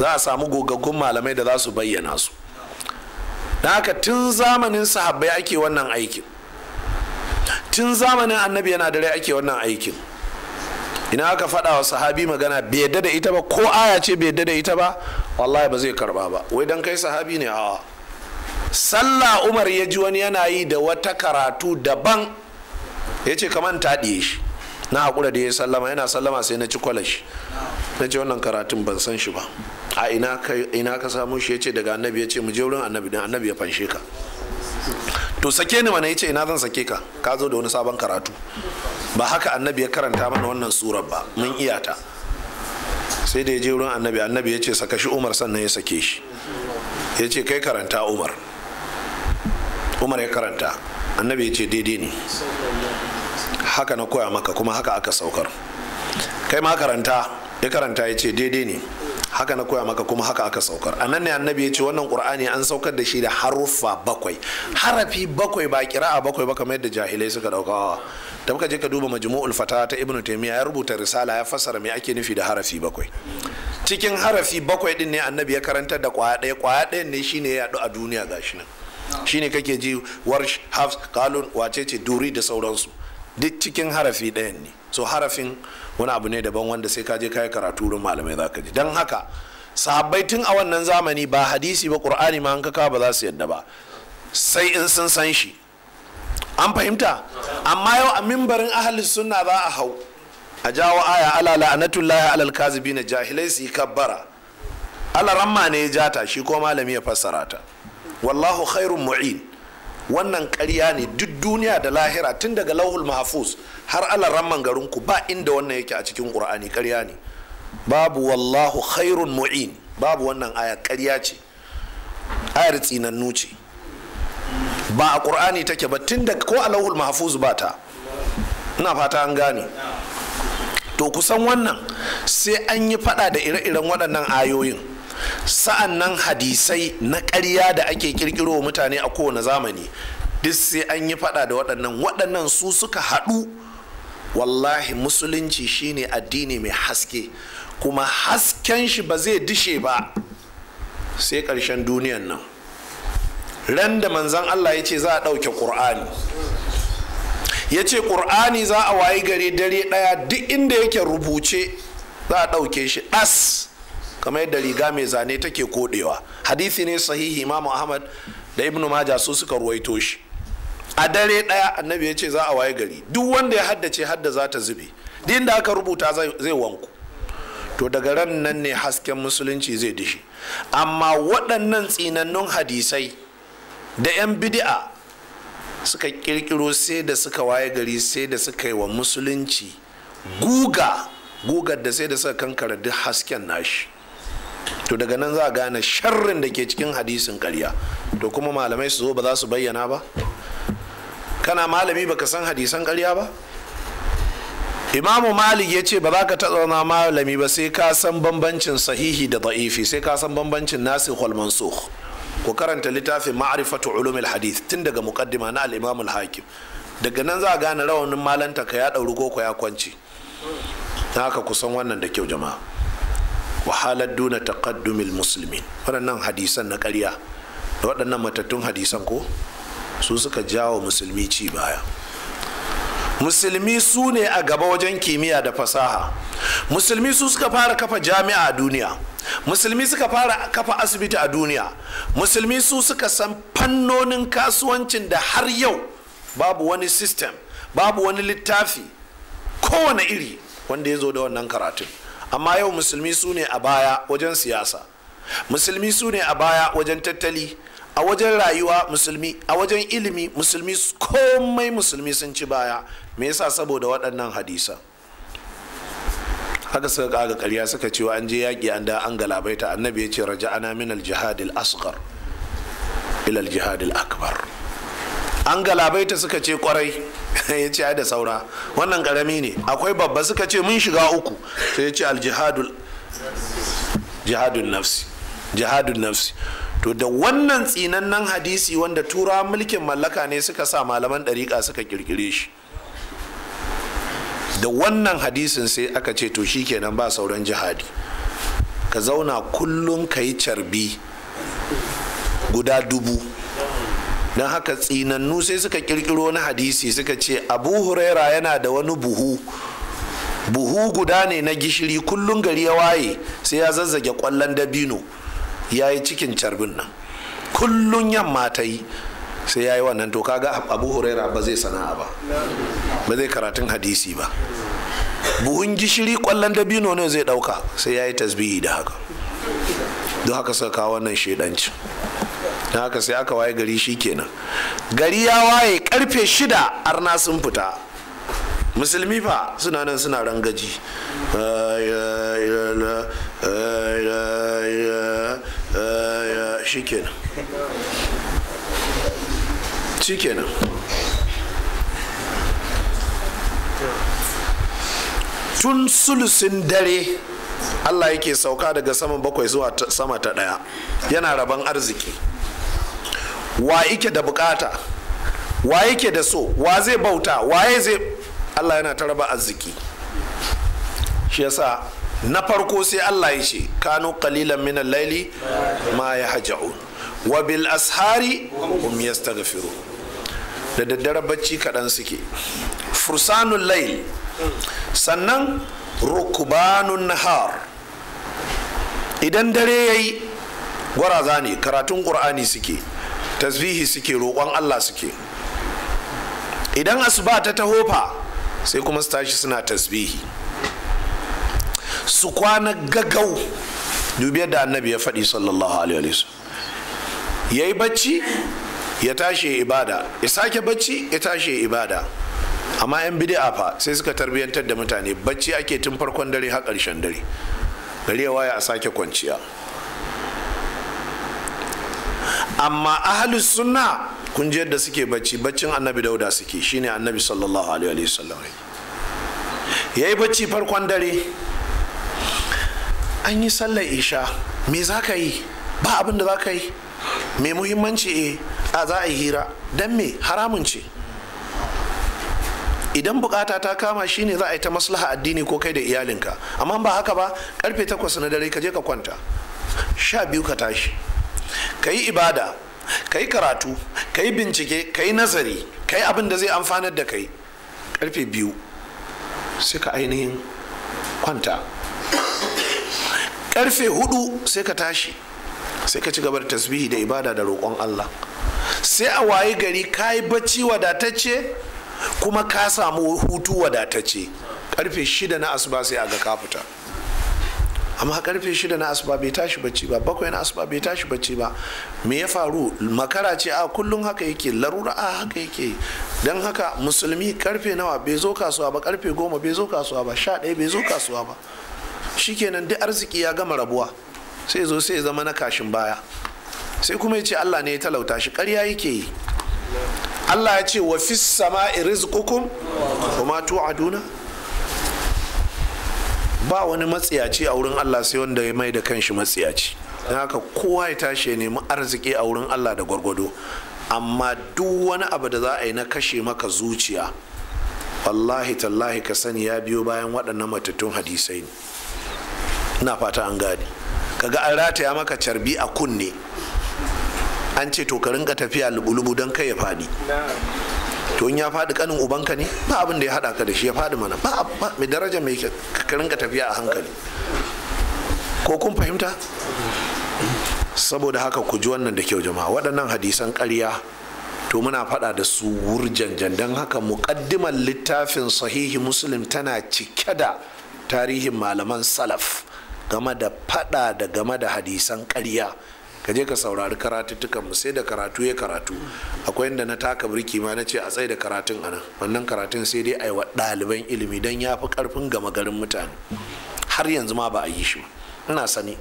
za a samu gogaggun malamai da za su bayyana su da haka tun zamanin sahabbai ake wannan aikin tun zamanin annabi yana dare ake wannan aikin ina aka faɗa wa sahabi magana bai yadda da ita ba ko aya ce bai yadda da ita ba wallahi ba zai karba ba wai dan kai sahabi ne a sallah umar ya ji wani yana yi da wata karatu daban ya ce kaman ta shi na haƙura da ya sallama yana sallama sai na ci kwalashi na ce wannan karatun ban san shi ba a ina ka samu shi ya ce daga annabi ya ce mu je wurin annabi dan annabi ya fanshe ka to sake ni mana ya ce ina zan sake ka ka zo da wani sabon karatu ba haka annabi ya karanta mana wannan surar ba mun iya ta sai da ya je wurin annabi annabi ya ce saka shi umar sannan ya sake shi ya ce kai karanta umar umar ya karanta annabi ya ce daidai ne haka na koya maka kuma haka aka saukar kai ma karanta ya karanta ya ce daidai ne haka na koya maka kuma haka aka saukar a nan ne annabi ya ce wannan qur'ani an saukar da shi da haruffa bakwai harafi bakwai ba kira'a bakwai ba kamar yadda jahilai suka dauka da muka je ka duba majmu'ul fatawa ta ibnu taymiya ya rubuta risala ya fassara me ake nufi da harafi bakwai cikin harafi bakwai din ne annabi ya karantar da kwaya ɗaya kwaya ɗayan ne shine ya a duniya gashi nan shine kake ji warsh hafs qalun wacece duri da sauransu duk cikin harafi ɗayan ne so harafin wani abu ne daban wanda sai ka je ka yi karatu wurin malamai za ka ji don haka sahabbai tun a wannan zamani ba hadisi ba qur'ani ma an kaka ba za su yadda ba sai in sun san shi an fahimta amma yau a mimbarin ahalin sunna za a hau a jawo aya ala la'anatullahi alal kazibi na jahilai su yi kabbara ala ramma ne ya jata shi ko malami ya fassara ta wallahu khairun mu'in wannan ƙarya ne duk duniya da lahira tun daga lauhul mahfuz har alaran garinku ba inda wannan yake a cikin qur'ani ƙarya ne babu wallahu khairun mu'in babu wannan aya ƙarya ce ayar tsinannu ce ba a ƙur'ani take ba tun da ko alauhul mahfuz ba ta ina fata an gane to kusan wannan sai an yi fada da ire-iren waɗannan ayoyin sa'an nan hadisai na ƙarya da ake kirkiro mutane a kowane zamani duk sai an yi fada da waɗannan waɗannan su suka haɗu wallahi musulunci shine addini mai haske kuma hasken shi ba zai dishe ba sai ƙarshen duniyan nan ran da manzan allah ya ce za a ɗauke ƙur'ani ya ce ƙur'ani za a wayi gare dare ɗaya duk inda yake rubuce za a ɗauke shi ɗas kamar yadda riga mai zane take kodewa hadisi ne sahihi imamu ahmad da ibnu maja su suka ruwaito shi a dare daya annabi ya ce za a waye gari duk wanda ya haddace hadda za ta zube din da aka rubuta zai wanku to daga ran nan ne hasken musulunci zai dishi amma waɗannan tsinannun hadisai da 'yan bidi'a suka kirkiro sai da suka waye gari sai da suka yi wa musulunci guga gugar da sai da suka kankara duk hasken nashi to daga nan za a gane sharrin da ke cikin hadisin karya to kuma malamai su zo ba za su bayyana ba kana malami baka san hadisan karya ba imamu malik ya ce ba za ka taɓa malami ba sai ka san bambancin sahihi da da'ifi sai ka san bambancin nasi wal ku karanta littafin ma'arifatu ulumil hadith tun daga muqaddima na al'imamul hakim daga nan za a gane rawanin malanta ka ya ɗauri ko ya kwanci haka kusan wannan da kyau jama'a wahalar duna taqaddumil musulmi waɗannan hadisan na ƙarya da waɗannan matattun hadisan ko su suka jawo musulmi ci baya musulmi su ne a gaba wajen kimiyya da fasaha musulmi su suka fara kafa jami'a a duniya musulmi suka fara kafa asibiti a duniya musulmi su suka san fannonin kasuwancin da har yau babu wani system babu wani littafi kowane iri wanda ya zo da wannan karatun amma yau musulmi su ne a baya wajen siyasa musulmi su ne a baya wajen tattali a wajen rayuwa musulmi a wajen ilimi musulmi komai musulmi sun ci baya me yasa saboda waɗannan hadisa haka suka kaga karya suka ce an je yaƙi an da an galabaita annabi ya ce Raja ana min aljihadil jihadil asghar ila aljihadil akbar an galabaita suka ce kwarai ya ce da saura wannan karami ne akwai babba suka ce mun shiga uku sai ya ce aljihadul nafsi jihadun nafsi to da wannan tsinannen hadisi wanda tura mulkin mallaka ne suka sa malaman ɗariƙa suka kirkire shi da wannan hadisin sai aka ce to shi kenan ba sauran jihadi ka zauna kullum ka yi carbi guda dubu don haka tsinannu sai suka kirkiro na hadisi suka ce abu huraira yana da wani buhu buhu guda ne na gishiri kullum gari ya waye sai ya zazzage kwallon dabino ya yi cikin carbin nan kullum yamma ta yi sai ya yi wannan to kaga abu huraira ba zai sana'a ba ba zai karatun hadisi ba buhun gishiri kwallon dabino ne zai dauka sai ya yi tasbihi da haka don haka suka kawo wannan shaidanci na haka sai aka waye gari shi gari ya waye karfe shida arna sun fita musulmi fa suna nan suna rangaji shi shi kenan tun sulusin dare allah yake sauka daga saman bakwai zuwa sama ta ɗaya yana rabon arziki wa yake da bukata wa yake da so wa zai bauta waye zai allah yana ta raba arziki shi yasa na farko sai allah ya ce kanu qalilan min al-laili ma haja'u wa bil ashari hum yastaghfiru da daddare bacci kaɗan suke fursanun lail sannan rukbanun nahar idan dare yayi gwaraza ne karatun ƙur'ani suke tasbihi suke roƙon allah suke idan asuba ta taho fa sai kuma su tashi suna tasbihi su kwana gagau dubi da annabi ya faɗi sallallahu alaihi wa ya yi bacci ya tashi ibada ya sake bacci ya tashi ibada amma yan bid'a fa sai suka tarbiyantar da mutane bacci ake tun farkon dare har ƙarshen dare gari ya waya a sake kwanciya amma ahalus sunna kun ji yadda suke bacci baccin annabi dauda suke shine annabi sallallahu alaihi wa Ya yi bacci farkon dare an yi sallar isha me za ka yi ba abin da za ka yi mai muhimmanci e a za a yi hira don me haramun ce idan bukata ta kama shine za a yi ta maslaha addini ko kai da iyalinka amma ba haka ba karfe takwas na dare ka je ka kwanta sha biyu ka tashi ka yi ibada ka yi karatu ka yi bincike ka yi nazari ka yi abin da zai amfanar da kai karfe biyu sai ka ainihin kwanta karfe hudu sai ka tashi sai ka ci gaba da tasbihi da ibada da roƙon allah sai a waye gari ka yi bacci wadatacce kuma ka samu hutu wadatacce karfe shida na asuba sai a ga ka fita amma karfe shida na asuba bai tashi bacci ba bakwai na asuba bai tashi bacci ba me ya faru makara ce a kullum haka yake larura a haka yake don haka musulmi karfe nawa bai zo kasuwa ba karfe goma bai zo kasuwa ba sha ɗaya bai zo kasuwa ba shikenan duk arziki ya gama rabuwa sai zo sai zama na kashin baya sai kuma ya ce allah ne ya talauta shi ƙarya yake yi allah ya ce wa fi sama'i rizqukum kuma tu'aduna ba wani matsiyaci a wurin Allah sai wanda ya mai da kanshi matsiyaci don haka kowa ya tashi ya nemi arziki a wurin Allah da gwargwado amma duk wani abu da za a yi na kashe maka zuciya wallahi tallahi ka sani ya biyo bayan waɗannan matattun hadisai ne na fata an gane kaga an rataya maka carbi a kunne an ce to ka rinka tafiya lubu-lubu don kai ya faɗi to in ya faɗi kanin ubanka ne ba abin da ya haɗa ka da shi ya faɗi mana ba mai daraja mai ka tafiya a hankali ko kun fahimta saboda haka ku ji wannan da kyau jama'a waɗannan hadisan ƙarya to muna faɗa da su wurjanjan don haka muƙaddimar littafin sahihi muslim tana cike da tarihin malaman salaf game da faɗa da game da hadisan ƙarya ka je ka saurari karatuttukan mu sai da karatu ya karatu akwai inda na taka birki ma na ce a tsaye da karatun anan wannan karatun sai dai aiwa ɗaliban ilimi don ya fi ƙarfin gama garin mutane har yanzu ma ba a yi shi ina sani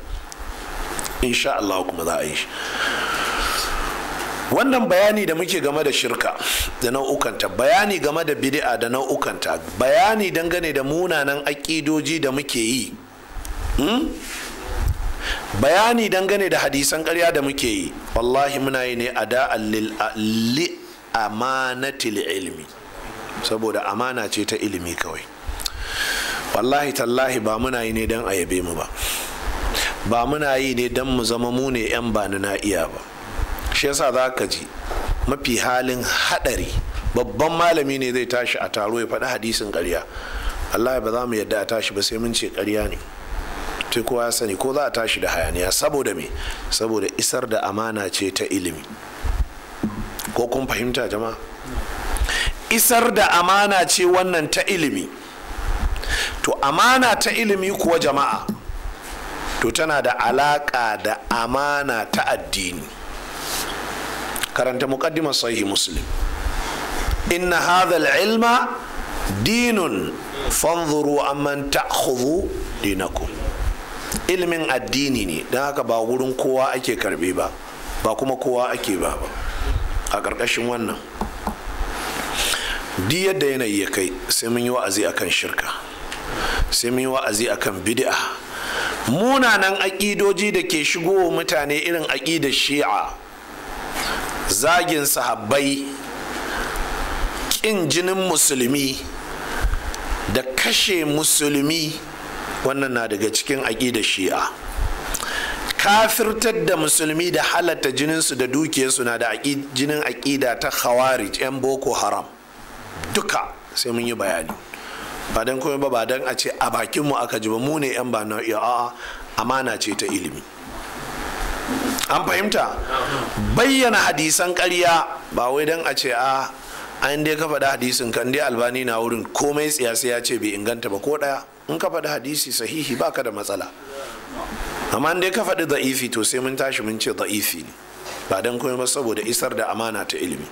insha Allah kuma za a yi shi wannan bayani da muke game da shirka da nau'ukanta bayani game da bid'a da nau'ukanta bayani dangane da munanan aƙidoji da muke yi hmm? bayani dangane da hadisan karya da muke yi wallahi muna yi ne a da'an amanatil ilimi, saboda amana ce ta ilimi kawai wallahi tallahi ba muna yi ne don a yabe mu ba ba muna yi ne don mu zama mu ne 'yan ba na iya ba shi yasa za ka ji mafi halin hadari babban malami ne zai tashi a taro ya faɗi hadisin karya wallahi ba za mu yadda a tashi ba sai mun ce karya ne sai kowa ya sani ko za a tashi da hayaniya saboda me saboda isar da amana ce ta ilimi ko kun fahimta jama'a isar da amana ce wannan ta ilimi to amana ta ilimi kuwa jama'a to tana da alaka da amana ta addini karanta muqaddimar sahih muslim inna hadha al-ilma dinun fanzuru amman ta'khudhu dinakum ilimin addini ne don haka ba wurin kowa ake karbe ba ba kuma kowa ake ba ba a ƙarƙashin wannan duk yadda yanayi ya kai sai mun yi wa'azi a kan shirka sai mun yi wa'azi a kan bid'a munanan aƙidoji da ke shigo mutane irin aƙidar shi'a zagin sahabbai ƙin jinin musulmi da kashe musulmi wannan na daga cikin aƙidar shi'a kafirtar da musulmi da halatta jininsu da dukiyarsu na da jinin aƙida ta khawarij 'yan boko haram duka sai mun yi bayani ba don kuma ba don a ce a bakinmu aka ji ba mu ne 'yan ba na'i a'a amana ce ta ilimi an fahimta bayyana hadisan karya ba wai don a ce a ah, an dai ka faɗa hadisin kan dai albani na wurin komai siyasa ya ce bai inganta ba ko ɗaya in ka faɗi hadisi sahihi baka da matsala amma dai ka faɗi da'ifi to sai mun tashi mun ce da'ifi ne ba dan kuma ba saboda isar da amana ta ilimi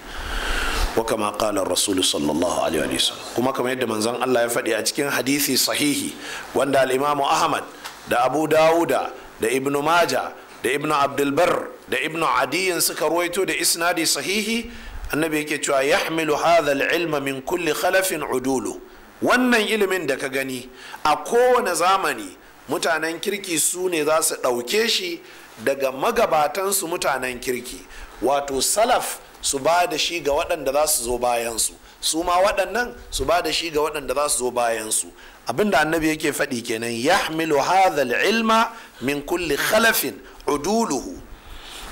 wa kama qala rasulu sallallahu alaihi wa sallam kuma kamar yadda manzon Allah ya faɗi a cikin hadisi sahihi wanda al-Imam Ahmad da Abu Dawuda da Ibn Majah da Ibn Abdul Barr da Ibn Adi suka ruwaito da isnadi sahihi annabi yake cewa yahmilu hadha al-ilma min kulli khalafin udulu wannan ilimin da ka gani a kowane zamani mutanen kirki su ne za su ɗauke shi daga magabatansu mutanen kirki wato salaf su ba da shi ga waɗanda za su zo bayansu su ma waɗannan su ba da shi ga waɗanda za su zo bayansu Abin da annabi yake faɗi kenan yahmilu hadal ilma min kulli khalafin uduluhu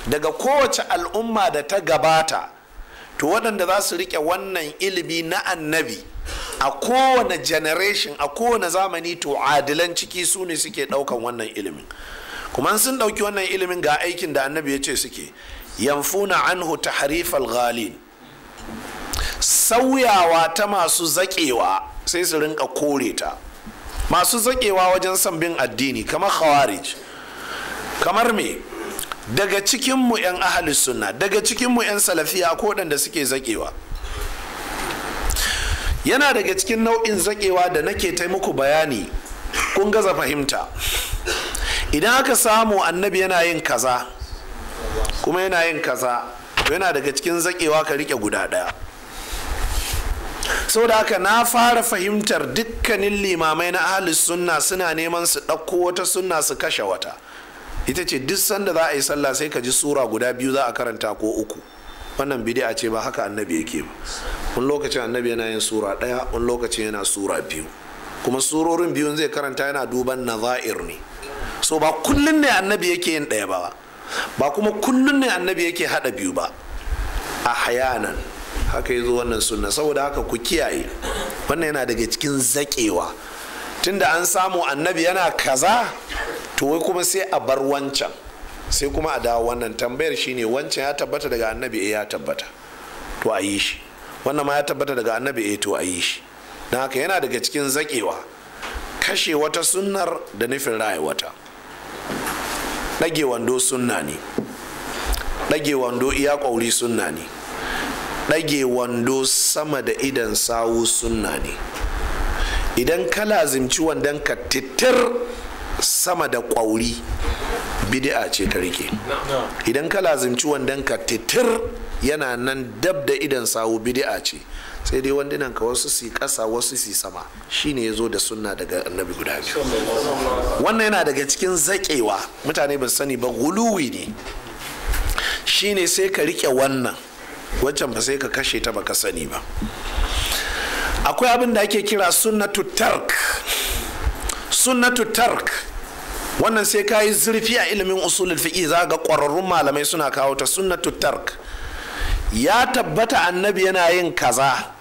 daga kowace al'umma da ta gabata to waɗanda za su riƙe wannan ilimi na annabi a kowane generation a kowane zamani to adilan ciki su ne suke ɗaukan wannan ilimin kuma sun ɗauki wannan ilimin ga aikin da annabi ya ce suke yamfuna anhu tahrifal ghalin sauyawa ta masu zaƙewa sai su rinka kore ta masu zaƙewa wajen son bin addini kamar khawarij kamar me daga cikinmu 'yan ahalis sunna daga cikinmu 'yan salafiya ko waɗanda suke zakewa yana daga cikin nau'in zakewa da nake ta muku bayani kun gaza fahimta idan aka samu annabi yana yin kaza kuma yana yin kaza to yana daga cikin zakewa ka rike guda ɗaya da haka na fara fahimtar dukkanin limamai na ahalis sunna suna neman su ɗauko wata sunna su kashe wata ita ce duk sanda za a yi sallah sai ka ji sura guda biyu za a karanta ko uku wannan bid'a ce ba haka annabi yake ba wani lokacin annabi yana yin sura ɗaya wani lokacin yana sura biyu kuma surorin biyun zai karanta yana duban nazair ne so ba kullun ne annabi yake yin ɗaya ba ba kuma kullun ne annabi yake haɗa biyu ba a hayanan haka yi zo wannan sunna saboda haka ku kiyaye wannan yana daga cikin zaƙewa tunda an samu annabi yana kaza to wai kuma sai a bar wancan sai kuma a dawo wannan tambayar shine wancan ya tabbata daga annabi eh ya tabbata to a yi shi wannan ma ya tabbata daga annabi a eh to a yi shi don haka yana daga cikin zakewa kashe wata sunnar da nufin rayuwata wata ɗage wando sunna ne ɗage wando iya ƙwauri sunna ne ɗage wando sama da idan sawu sunna ne idan ka lazimci wandon ka titir sama da kwauri. bid'a ce ta rike idan ka lazimci wandon ka titir yana nan dab da idan sawu bid'a ce sai dai wandunan ka wasu si kasa wasu si sama shine ya zo da sunna daga annabi guda biyu wannan yana daga cikin zakewa mutane ba sani ba guluwi ne shine sai ka rike wannan waccan ba sai ka kashe ta ba ka sani ba akwai abin da ake kira sunnatu tark sunnatu tark wannan sai ka yi zurfi a ilimin usulul fiqh za ga ƙwararrun malamai suna kawo ta sunnatu tark ya tabbata annabi yana yin kaza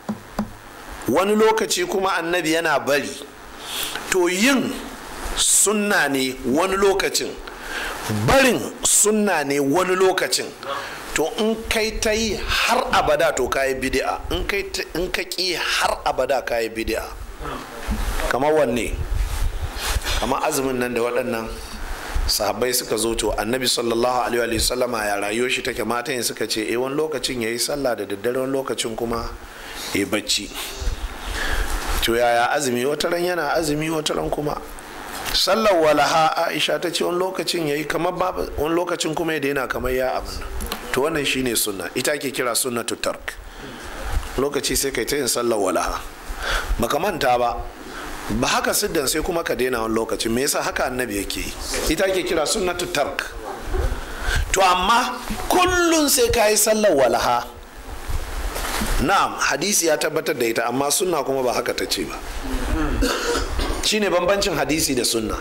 wani lokaci kuma annabi yana bari to yin sunna ne wani lokacin barin sunna ne wani lokacin to in kai ta yi har abada to ka yi bidi'a in ka ƙi har abada ka yi bidi'a kamar wanne amma azumin nan da waɗannan sahabbai suka zo to annabi sallallahu alaihi sallama ya rayu shi take matan suka ce eh wani lokacin yayi sallah da daddare wani lokacin kuma ya bacci to yaya azumi wata ran yana azumi wata ran kuma sallar walaha aisha ta ce wani lokacin yayi kamar babu wani lokacin kuma ya daina kamar ya abin to wannan shine sunna ita ke kira sunnatu tark lokaci sai kai ta yin sallar walaha makamanta manta ba ba haka siddan sai kuma ka daina wani lokaci me yasa haka annabi yake yi ita ke kira sunnatu tark to amma kullun sai ka yi sallar walaha na'am hadisi ya tabbatar da ita amma sunna kuma ba haka ta ce ba shine bambancin hadisi da sunna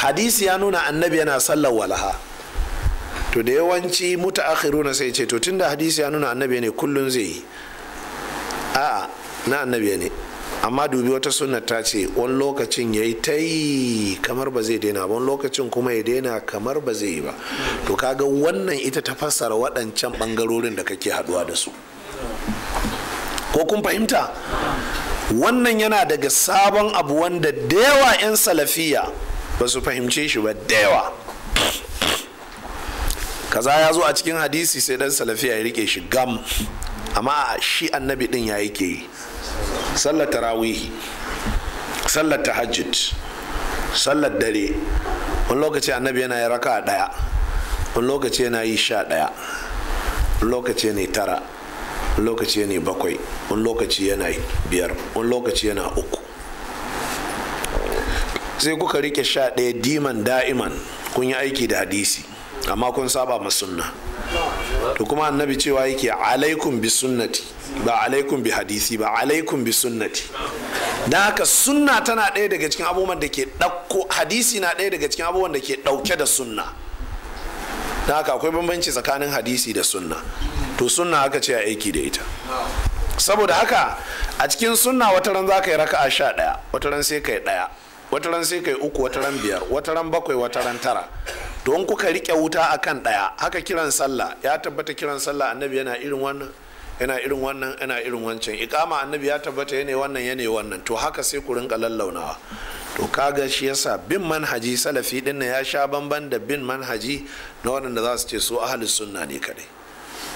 hadisi ya nuna annabi yana sallar walaha to da yawanci mutaakhiruna sai ce to tunda hadisi ya nuna annabi ne kullun zai yi a'a na annabi ne amma dubi wata sunna ta ce wani lokacin ya yi ta yi kamar ba zai daina wani lokacin kuma ya daina kamar ba zai yi ba to kaga wannan ita ta fassara waɗancan ɓangarorin da kake haɗuwa da su ko kun fahimta wannan yana daga sabon abu wanda da 'yan salafiya ba su fahimce shi ba dewa kaza ya zo a cikin hadisi sai dan salafiya ya rike shi gam amma shi annabi din ya ke yi sallar tarawihi sallar tahajjud sallar dare wani lokaci annabi yana yi raka daya wani lokaci yana yi sha daya wani lokaci yi tara wani lokaci yi bakwai wani lokaci yana biyar wani lokaci yana uku sai kuka rike sha daya diman da'iman kun yi aiki da hadisi amma kun saba ma sunna to kuma annabi cewa yake alaikum bi sunnati ba alaikum bi hadisi ba alaikum bi sunnati don haka sunna tana ɗaya daga cikin abubuwan da ke ɗauko hadisi na ɗaya daga cikin abubuwan da ke ɗauke da sunna don haka akwai bambanci tsakanin hadisi da sunna to sunna aka ce a aiki da ita saboda haka a cikin sunna wata ran za ka yi raka'a sha ɗaya wata ran sai ka yi ɗaya wata ran sai ka yi uku wata ran biyar wata ran bakwai wata ran tara don kuka riƙe wuta akan ɗaya haka kiran sallah ya tabbata kiran sallah annabi yana irin wannan yana irin wannan yana irin wancan ikama annabi ya tabbata yana wannan yana wannan to haka sai ku rinka lallaunawa to kaga shi yasa bin manhaji salafi din ya sha bamban da bin manhaji na waɗanda za su ce su ahlus sunna ne kadai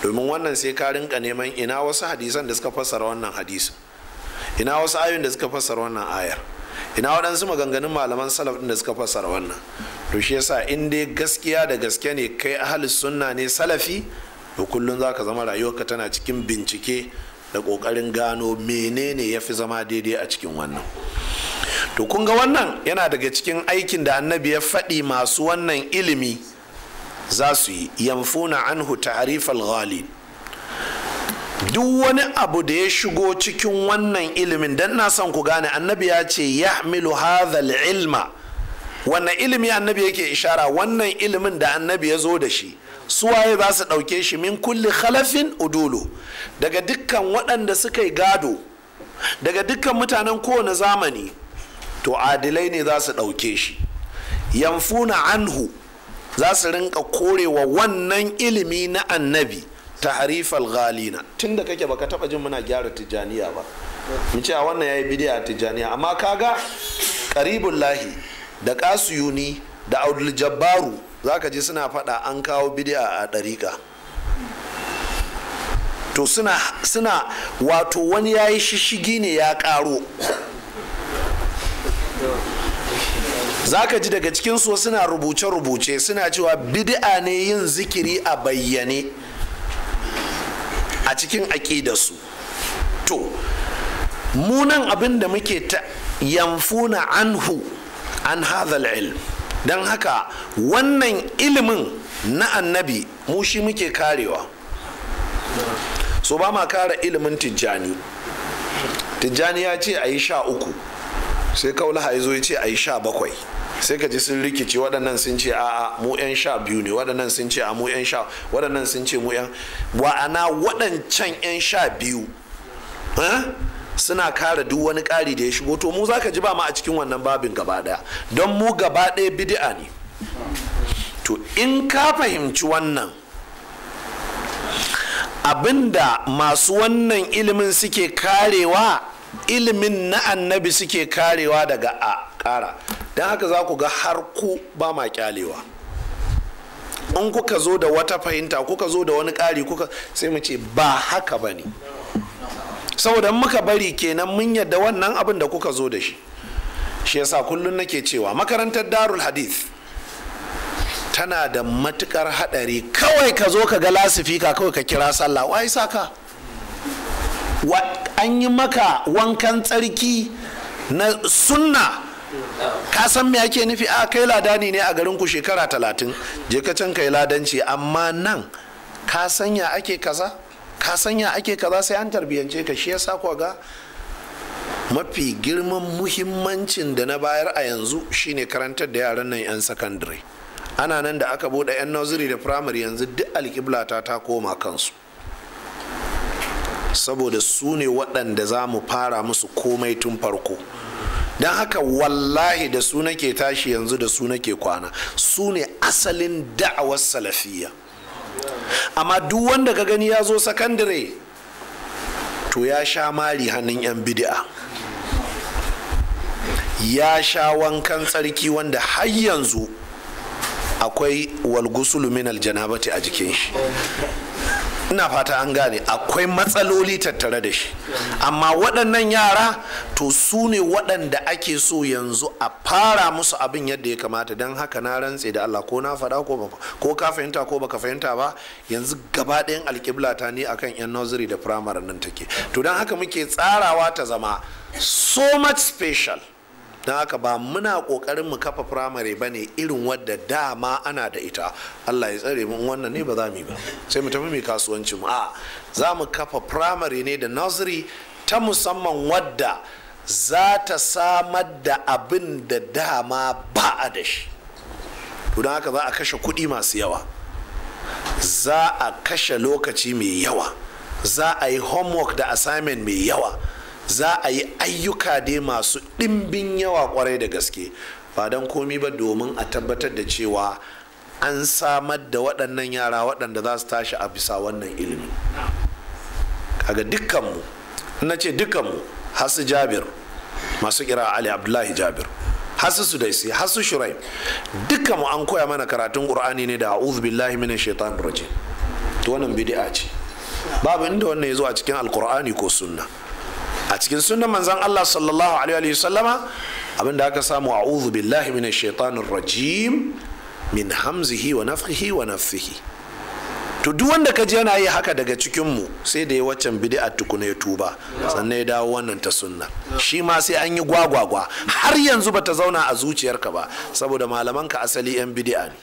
domin wannan sai ka rinka neman ina wasu hadisan da suka fassara wannan hadisin ina wasu ayoyin da suka fassara wannan ayar ina waɗansu maganganun malaman salaf din da suka fassara wannan to shi yasa in dai gaskiya da gaske ne kai ahlus sunna ne salafi to kullum za ka zama rayuwarka tana cikin bincike da ƙoƙarin gano menene ya fi zama daidai a cikin wannan to kun ga wannan yana daga cikin aikin da annabi ya faɗi masu wannan ilimi za su yi yamfuna anhu ta'rifal Ghali. duk wani abu da ya shigo cikin wannan ilimin dan na son ku gane annabi ya ce milu hadhal ilma wannan ilimi annabi yake ishara wannan ilimin da annabi ya zo da shi suwaye za su ɗauke shi min kulli khalafin udulu daga dukkan waɗanda suka yi gado daga dukkan mutanen kowane zamani to adilai ne za su ɗauke shi yamfuna anhu za su rinka korewa wannan ilimi na annabi ta harifar galina tun da kake baka taba jin muna gyara tijjaniya ba mu ce a wannan yayi bidiya tijjaniya amma kaga karibullahi lahi da kasuyuni da abdul jabbaru za ka ji suna fada an kawo bidi'a a dariƙa to suna wato wani ya yi shishigi ne ya ƙaro za ka ji daga cikinsu suna rubuce-rubuce suna cewa bid'a ne yin zikiri a bayyane a cikin su. to munan abin da muke ta yamfuna anhu an hadha ilm don haka wannan ilimin na annabi mu shi muke karewa so ba ma kara ilimin tijjani tijjani ya ce a yi sha uku sai kaulaha ya zo ya ce a yi sha bakwai sai ka ji sun rikici waɗannan sun ce a mu 'yan sha biyu ne waɗannan sun ce a mu 'yan sha waɗannan sun ce mu 'yan wa'ana waɗancan 'yan sha biyu eh? suna kare duk wani ƙari da ya shigo to mu zaka ji ba ma a cikin wannan babin gaba ɗaya don mu gaba ɗaya bidi'a ne to in ka fahimci wannan abinda masu wannan ilimin suke karewa ilimin na annabi suke karewa daga a kara don haka za ku ga har ku ba ma kyalewa in kuka zo da wata fahimta kuka zo da wani kari kuka sai mu ce ba haka ba ne saboda muka bari kenan mun yadda wannan abin da kuka zo da shi shi yasa kullum nake cewa makarantar darul hadith tana da matukar hadari kawai ka zo ka ga lasifika kawai ka kira sallah wai saka an yi maka wankan tsarki na sunna ka san me ake nufi a kai ladani ne a garin ku shekara talatin je ka can kai ladanci amma nan ka sanya ake kaza ka sanya ake kaza sai an tarbiyance ka shi yasa kuwa ga mafi girman muhimmancin da na bayar a yanzu shine karantar da yaran nan 'yan sakandare ana nan da aka bude 'yan nursery da primary yanzu duk alƙibla ta ta koma kansu saboda su ne waɗanda za mu fara musu komai tun farko don haka wallahi da su nake tashi yanzu da su nake kwana su ne asalin da'awar salafiyya amma duk wanda ka gani ya zo sakandare to ya sha mari hannun 'yan bid'a ya sha wankan tsarki wanda har yanzu akwai walgusulu min aljanabati a jikin shi ina fata an gane akwai matsaloli tattare da shi amma waɗannan yara to su ne waɗanda ake so yanzu a fara musu abin yadda ya kamata don haka na rantse da Allah ko na faɗa ko ba ko ka fahimta ko baka fahimta ba yanzu gaba ɗayan alƙibla ta ne akan yan nursery da firamare nan take to don haka muke tsarawa ta zama so much special don haka ba muna kokarin mu kafa firamare ba ne irin wadda dama ana da ita allah ya tsare mu wannan ne ba za mu yi ba sai mu tafi mai kasuwanci mu a za mu kafa firamare ne da nursery ta musamman wadda za ta samar da abin da dama ba a da shi don haka za a kashe kuɗi masu yawa za a kashe lokaci mai yawa za a yi homework da assignment mai yawa za a yi ayyuka dai masu ɗimbin yawa kwarai da gaske ba don komi ba domin a tabbatar da cewa an samar da waɗannan yara waɗanda za su tashi a bisa wannan ilimi kaga dukkanmu na ce dukkanmu hasu jabir masu kira ali abdullahi jabir hasu sudaisi hasu shurai dukkanmu an koya mana karatun qur'ani ne da a'udhu billahi minash shaitanir rajim to wannan bid'a ce babu inda wannan ya zo a cikin alkur'ani ko sunna cikin sunan manzan Allah sallallahu alaihi wa sallama da aka samu a'udhu billahi minash shaitanir rajim min hamzihi wa nafhihi wa nafthihi to duk wanda ka ji yana yi haka daga cikin mu sai da ya waccan bid'a tukuna ya tuba sannan ya dawo wannan ta sunna shi ma sai an yi gwagwagwa har yanzu bata zauna a zuciyarka ba saboda malaman ka asali yan bid'a ne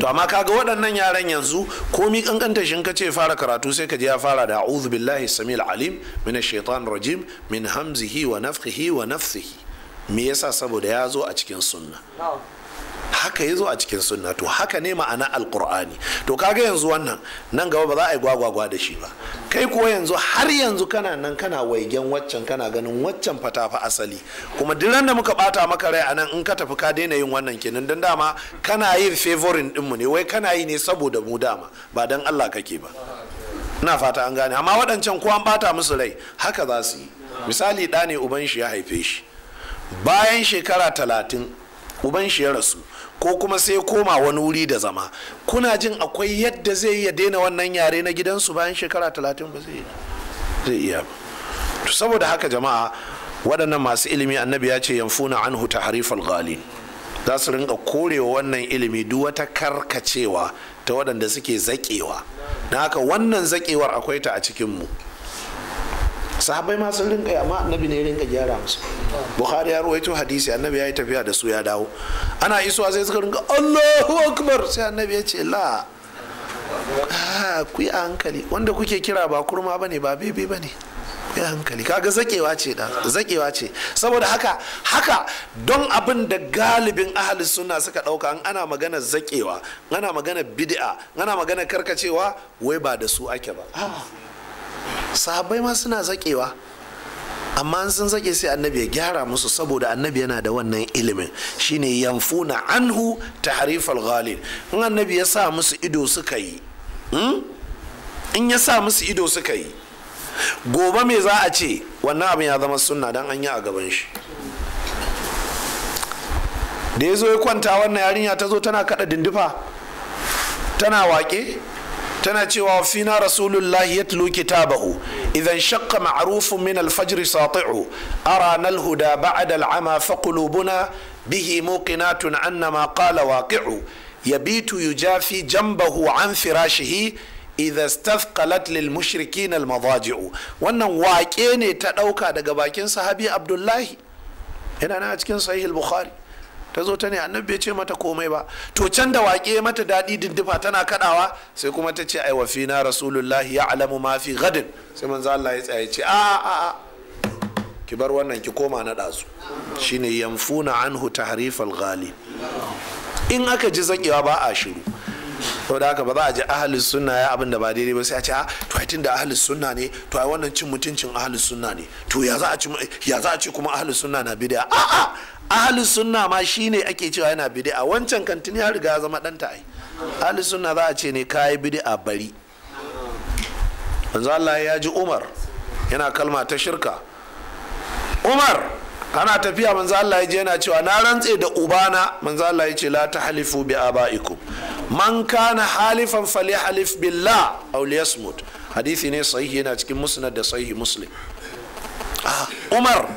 to amma kaga waɗannan yaran yanzu komi kankanta shi ka ce fara karatu sai ka je ya fara da a'udhu billahi samil alim min shaitan rajim min hamzihi wa nafihi wa nafsihi me yasa saboda ya zo a cikin sunna haka ya zo a cikin sunna to haka ne ma'ana alkur'ani to kaga yanzu wannan nan gaba ba za a yi gwagwagwa da shi ba kai kuwa yanzu har yanzu kana nan kana waigen waccan kana ganin waccan fata fa asali kuma duk da muka bata maka rai anan in ka tafi ka daina yin wannan kenan dan dama kana yin favorin dinmu ne wai kana yi ne saboda mu dama ba dan Allah kake ba ina fata an gane amma waɗancan ko an bata musu rai haka za su yi misali ɗane ne uban shi ya haife shi bayan shekara talatin uban shi ya rasu ko kuma sai koma wani wuri da zama kuna jin akwai yadda zai iya daina wannan yare na gidansu bayan shekara talatin ba zai iya to saboda haka jama'a waɗannan masu ilimi annabi ya ce yamfuna anhu taharifal gali za su rinka korewa wannan ilimi duk wata karkacewa ta waɗanda suke zaƙewa na haka wannan zaƙewar akwai ta a cikinmu mu Sahabai ma sun rinka amma annabi ne rinka gyara musu bukhari ya ruwaito hadisi annabi ya yi tafiya da su ya dawo ana isuwa sai suka rinka allahu akbar sai annabi ya ce la ah, ku yi hankali wanda kuke kira ba kurma ba ne ba bebe ba ne ku yi hankali kaga zakewa ce da zakewa ce saboda haka haka don abin da galibin ahli suna suka dauka an ana magana zakewa ana magana bid'a ana magana karkacewa wai ba da su ake ba ah. sahabbai ma suna zakewa amma an sun zake sai annabi ya gyara musu saboda annabi yana da wannan ilimin shine yanfuna anhu tahrifal ghalil in annabi ya sa musu ido suka yi hmm? in ya sa musu ido suka yi gobe me za a ce wannan abin ya zama sunna dan an yi a gaban shi da ya zo ya kwanta wannan yarinya ta zo tana kada dindifa tana wake tana cewa fina rasulullahi yatlu kitabahu idan shakka ma'arufu min alfajri sati'u ara nal huda ba'ada al'ama fa qulubuna bihi muqinatun anna ma qala waqi'u yabitu yujafi jambahu an firashihi idha stathqalat lil mushrikin al madaji'u wannan waƙe ne ta ɗauka daga bakin sahabi abdullahi yana na cikin sahih al-bukhari ta zo ta ne annabi bai ce mata komai ba to can da waƙe mata daɗi diddifa tana kaɗawa sai kuma ta ce ai wa fina rasulullahi ya alamu ma fi gadin sai manzo Allah ya tsaya ce a a a ki bar wannan ki koma na ɗazu shine yamfuna anhu tahrifal ghalib in aka ji zakewa ba a shiru sau da ba za a ji ahalus sunna ya abin da ba daidai ba sai a ce a ah, to ai da ahalus sunna ne to ai wannan cin mutuncin ahalus sunna ne to ya za a ci kuma ahalus sunna na bidiya a a ahalus sunna ma shi ne ake cewa yana bidiya wancan kantin ya riga ya zama ɗanta ai ahalus sunna za a ce ne kai a bari manzo Allah ya ji Umar yana kalma ta shirka Umar ana tafiya manzo Allah ya je yana cewa na rantse da ubana manzo Allah ya ce la tahlifu bi abaikum man kana halifan falyahlif billah aw liyasmut hadisi ne sahihi yana cikin musnad da sahihi muslim ah, umar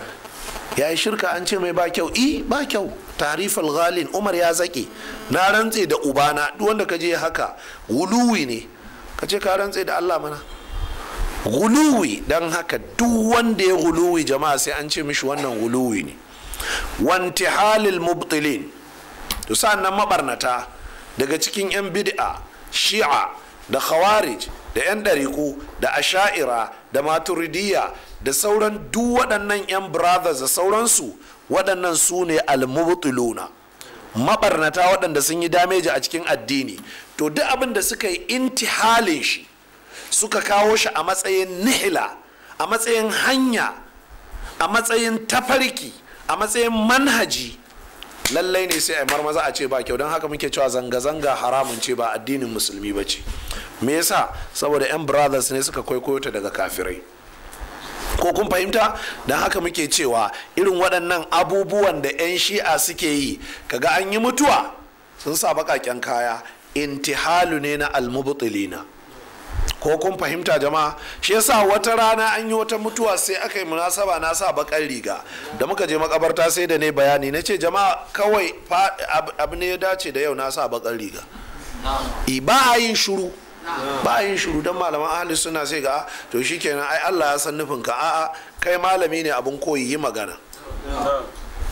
ya yi shirka an ce mai ba kyau i ba kyau tarifal ghalin umar ya zaki na rantse da ubana duk wanda ka je haka wuluwi ne kaje ka rantse da Allah mana guluwi don haka duk wanda ya guluwi jama'a sai an ce mishi wannan guluwi ne wanti halil mubtilin to nan mabarnata daga cikin 'yan bid'a shi'a da khawarij da 'yan dariku da asha'ira da maturidiyya da sauran duk waɗannan 'yan brothers da sauransu waɗannan su ne almubtiluna mabarnata waɗanda sun yi dameji a cikin addini to duk abin da suka yi intihalin shi suka kawo shi a matsayin nihila a matsayin hanya a matsayin tafarki a matsayin manhaji lallai ne sai a marmaza a ce ba kyau don haka muke cewa zanga-zanga haramun ce ba addinin musulmi ba ce me yasa saboda 'yan brothers ne suka kwaikwayo ta daga kafirai ko kun fahimta don haka muke cewa irin waɗannan abubuwan da 'yan shi'a suke yi kaga an yi mutuwa sun sa baƙaƙen kaya intihalu ne na almubutulina ko kun fahimta jama'a shi yasa wata rana an yi wata mutuwa sai aka yi munasaba na sa bakan riga da muka je makabarta sai da ne bayani na ce jama'a kawai abu ne ya dace da yau na sa bakan riga ba a yin shuru ba a yin shuru don malaman ahalis suna sai ga ah, to shi kenan ai Allah ya san nufin ka a'a kai malami ne abin koyi yi magana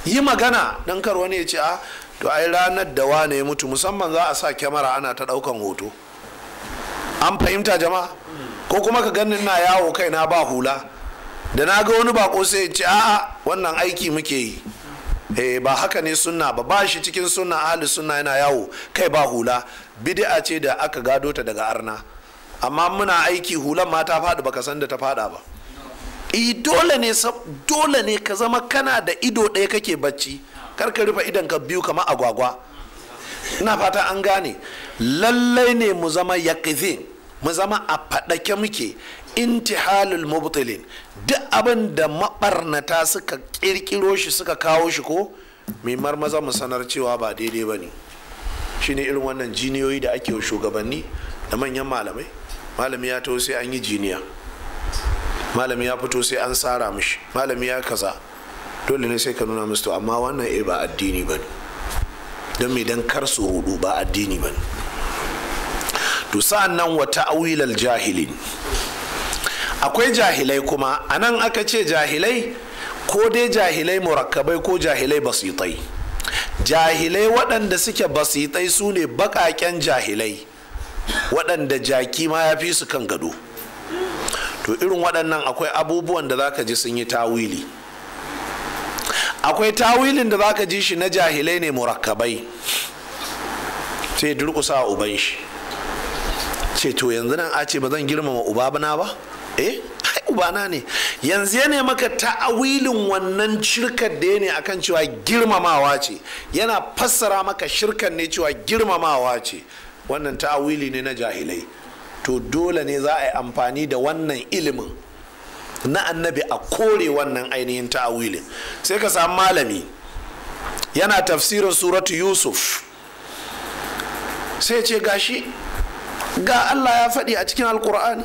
yi magana dan kar wani ya ce a ah, to ai ranar da wane ya mutu musamman za a sa kyamara ana ta daukan hoto an fahimta jama'a ko kuma ka ganin na yawo kai na ba hula da na ga wani bako sai ce a'a wannan aiki muke yi eh ba haka ne sunna ba ba shi cikin sunna ahli sunna yana yawo kai ba hula bid'a ce da aka gado ta daga arna amma muna aiki hulan ma ta faɗi baka san da ta faɗa ba i eh, dole ne dole ne ka zama kana da ido ɗaya kake bacci kar ka rufe idan ka biyu kamar agwagwa ina fata an gane lallai ne mu zama yaqizin mu zama a faɗake muke intihalul mubtilin duk abin da maɓarnata suka ƙirƙiro shi suka kawo shi ko mai marmaza mu sanar cewa ba daidai ba ne ne irin wannan jiniyoyi da ake wa shugabanni da manyan malamai malami ya taho sai an yi jiniya malami ya fito sai an tsara mishi malami ya kaza dole ne sai ka nuna musu amma wannan eh ba addini ba ne don me dan kar su hudu ba addini ba ne to sa'an nan wa ta'awilal jahilin akwai jahilai kuma a nan aka ce jahilai ko dai jahilai murakkabai ko jahilai basitai jahilai waɗanda suke basitai su ne baƙaƙen jahilai waɗanda jaki ma ya fi su kan gado to irin waɗannan akwai abubuwan da zaka ji sun yi tawili akwai tawilin da zaka ji shi na jahilai ne murakkabai sai durƙusa a uban shi ce to yanzu nan a ce ba zan girmama uba bana ba eh ai ubana ne yanzu ya ne maka ta'awilin wannan shirkar da ya ne akan cewa girmamawa ce yana fassara maka shirkar ne cewa girmamawa ce wannan ta'awili ne na jahilai to dole ne za a yi amfani da wannan ilimin na annabi a kore wannan ainihin ta'awilin sai ka samu malami yana tafsirin suratu yusuf sai ce gashi ga Allah ya faɗi a cikin alkur'ani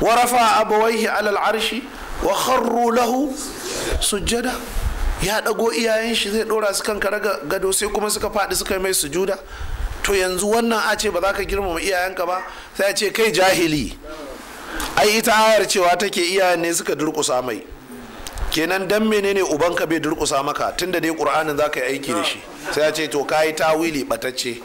wa rafa abawaihi alal arshi wa kharru lahu sujjada ya ɗago iyayen shi zai ɗora su kan raga gado sai kuma suka faɗi suka mai sujuda to yanzu wannan a ce ba za ka girmama iyayen ka ba sai a ce kai jahili ai ita ayar cewa take iyayen ne suka durƙusa mai kenan dan menene ubanka bai durƙusa maka tunda dai qur'anin za ka yi aiki da shi sai a ce to ka yi tawili batacce.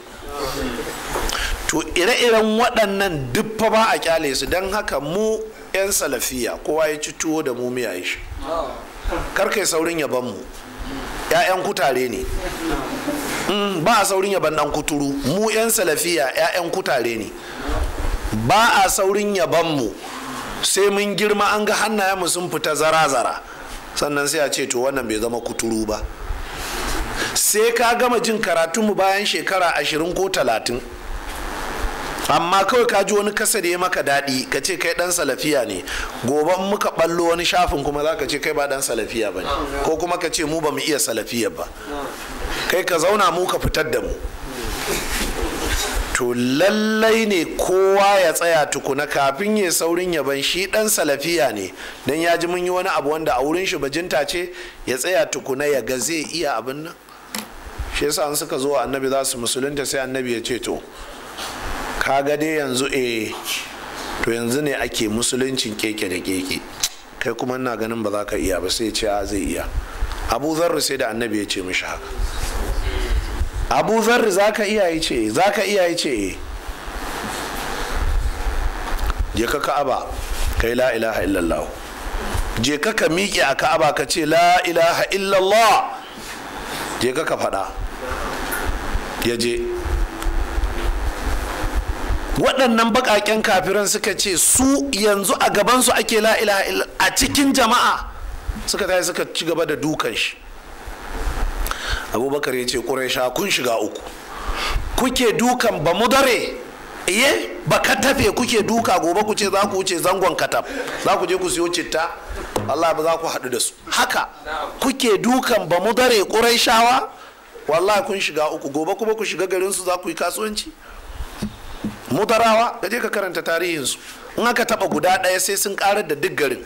to ire-iren waɗannan duffa ba a kyale su don haka mu 'yan salafiya kowa ya ci tuwo da mu miya shi karkai saurin yaban mu 'ya'yan kutare ne mm, ba a saurin yaban dan kuturu mu 'yan salafiya 'ya'yan kutare ne ba a saurin yaban mu sai mun girma an ga mu sun fita zara-zara sannan sai a ce to wannan bai zama kuturu ba sai ka gama jin karatunmu bayan shekara ashirin ko talatin amma kawai ka ji wani kasa da ya maka daɗi ka ce kai ɗan salafiya ne goban muka ballo wani shafin kuma za ka ce kai ba ɗan salafiya ba ne ko kuma ka ce mu ba mu iya salafiya ba kai ka zauna mu ka fitar da mu to lallai ne kowa ya tsaya tukuna kafin ya saurin yaban shi dan salafiya ne don ya ji mun yi wani abu wanda a wurin shi bajinta ce ya tsaya tukuna ya ga zai iya abin nan shi yasa an suka zo annabi za su musulunta sai annabi ya ce to kaga dai yanzu eh to yanzu ne ake musuluncin keke da keke kai kuma ina ganin ba za ka iya ba sai ce a zai iya abu zarri sai da annabi ya ce mishi haka abu zarri za ka iya ce za ka iya ce je ka ka'aba kai la ilaha illallah je ka ka miƙe a ka'aba ka ce la ilaha illallah je ka ka faɗa ya je waɗannan baƙaƙen kafiran suka ce su yanzu a gabansu ake la'ila a cikin jama'a suka tayi suka ci gaba da dukan shi abubakar ya ce ƙuraisha kun shiga uku kuke dukan eh, ba dare? iye ba ka tafe kuke duka gobe ku ce za ku wuce zangon katab za ku je ku siyo citta Allah ba za ku haɗu da su haka kuke dukan ba mudare ƙuraishawa wallahi kun shiga uku gobe kuma ku shiga garin su za ku yi kasuwanci mudarawa ka je ka karanta tarihinsu in aka taba guda ɗaya sai sun karar da duk garin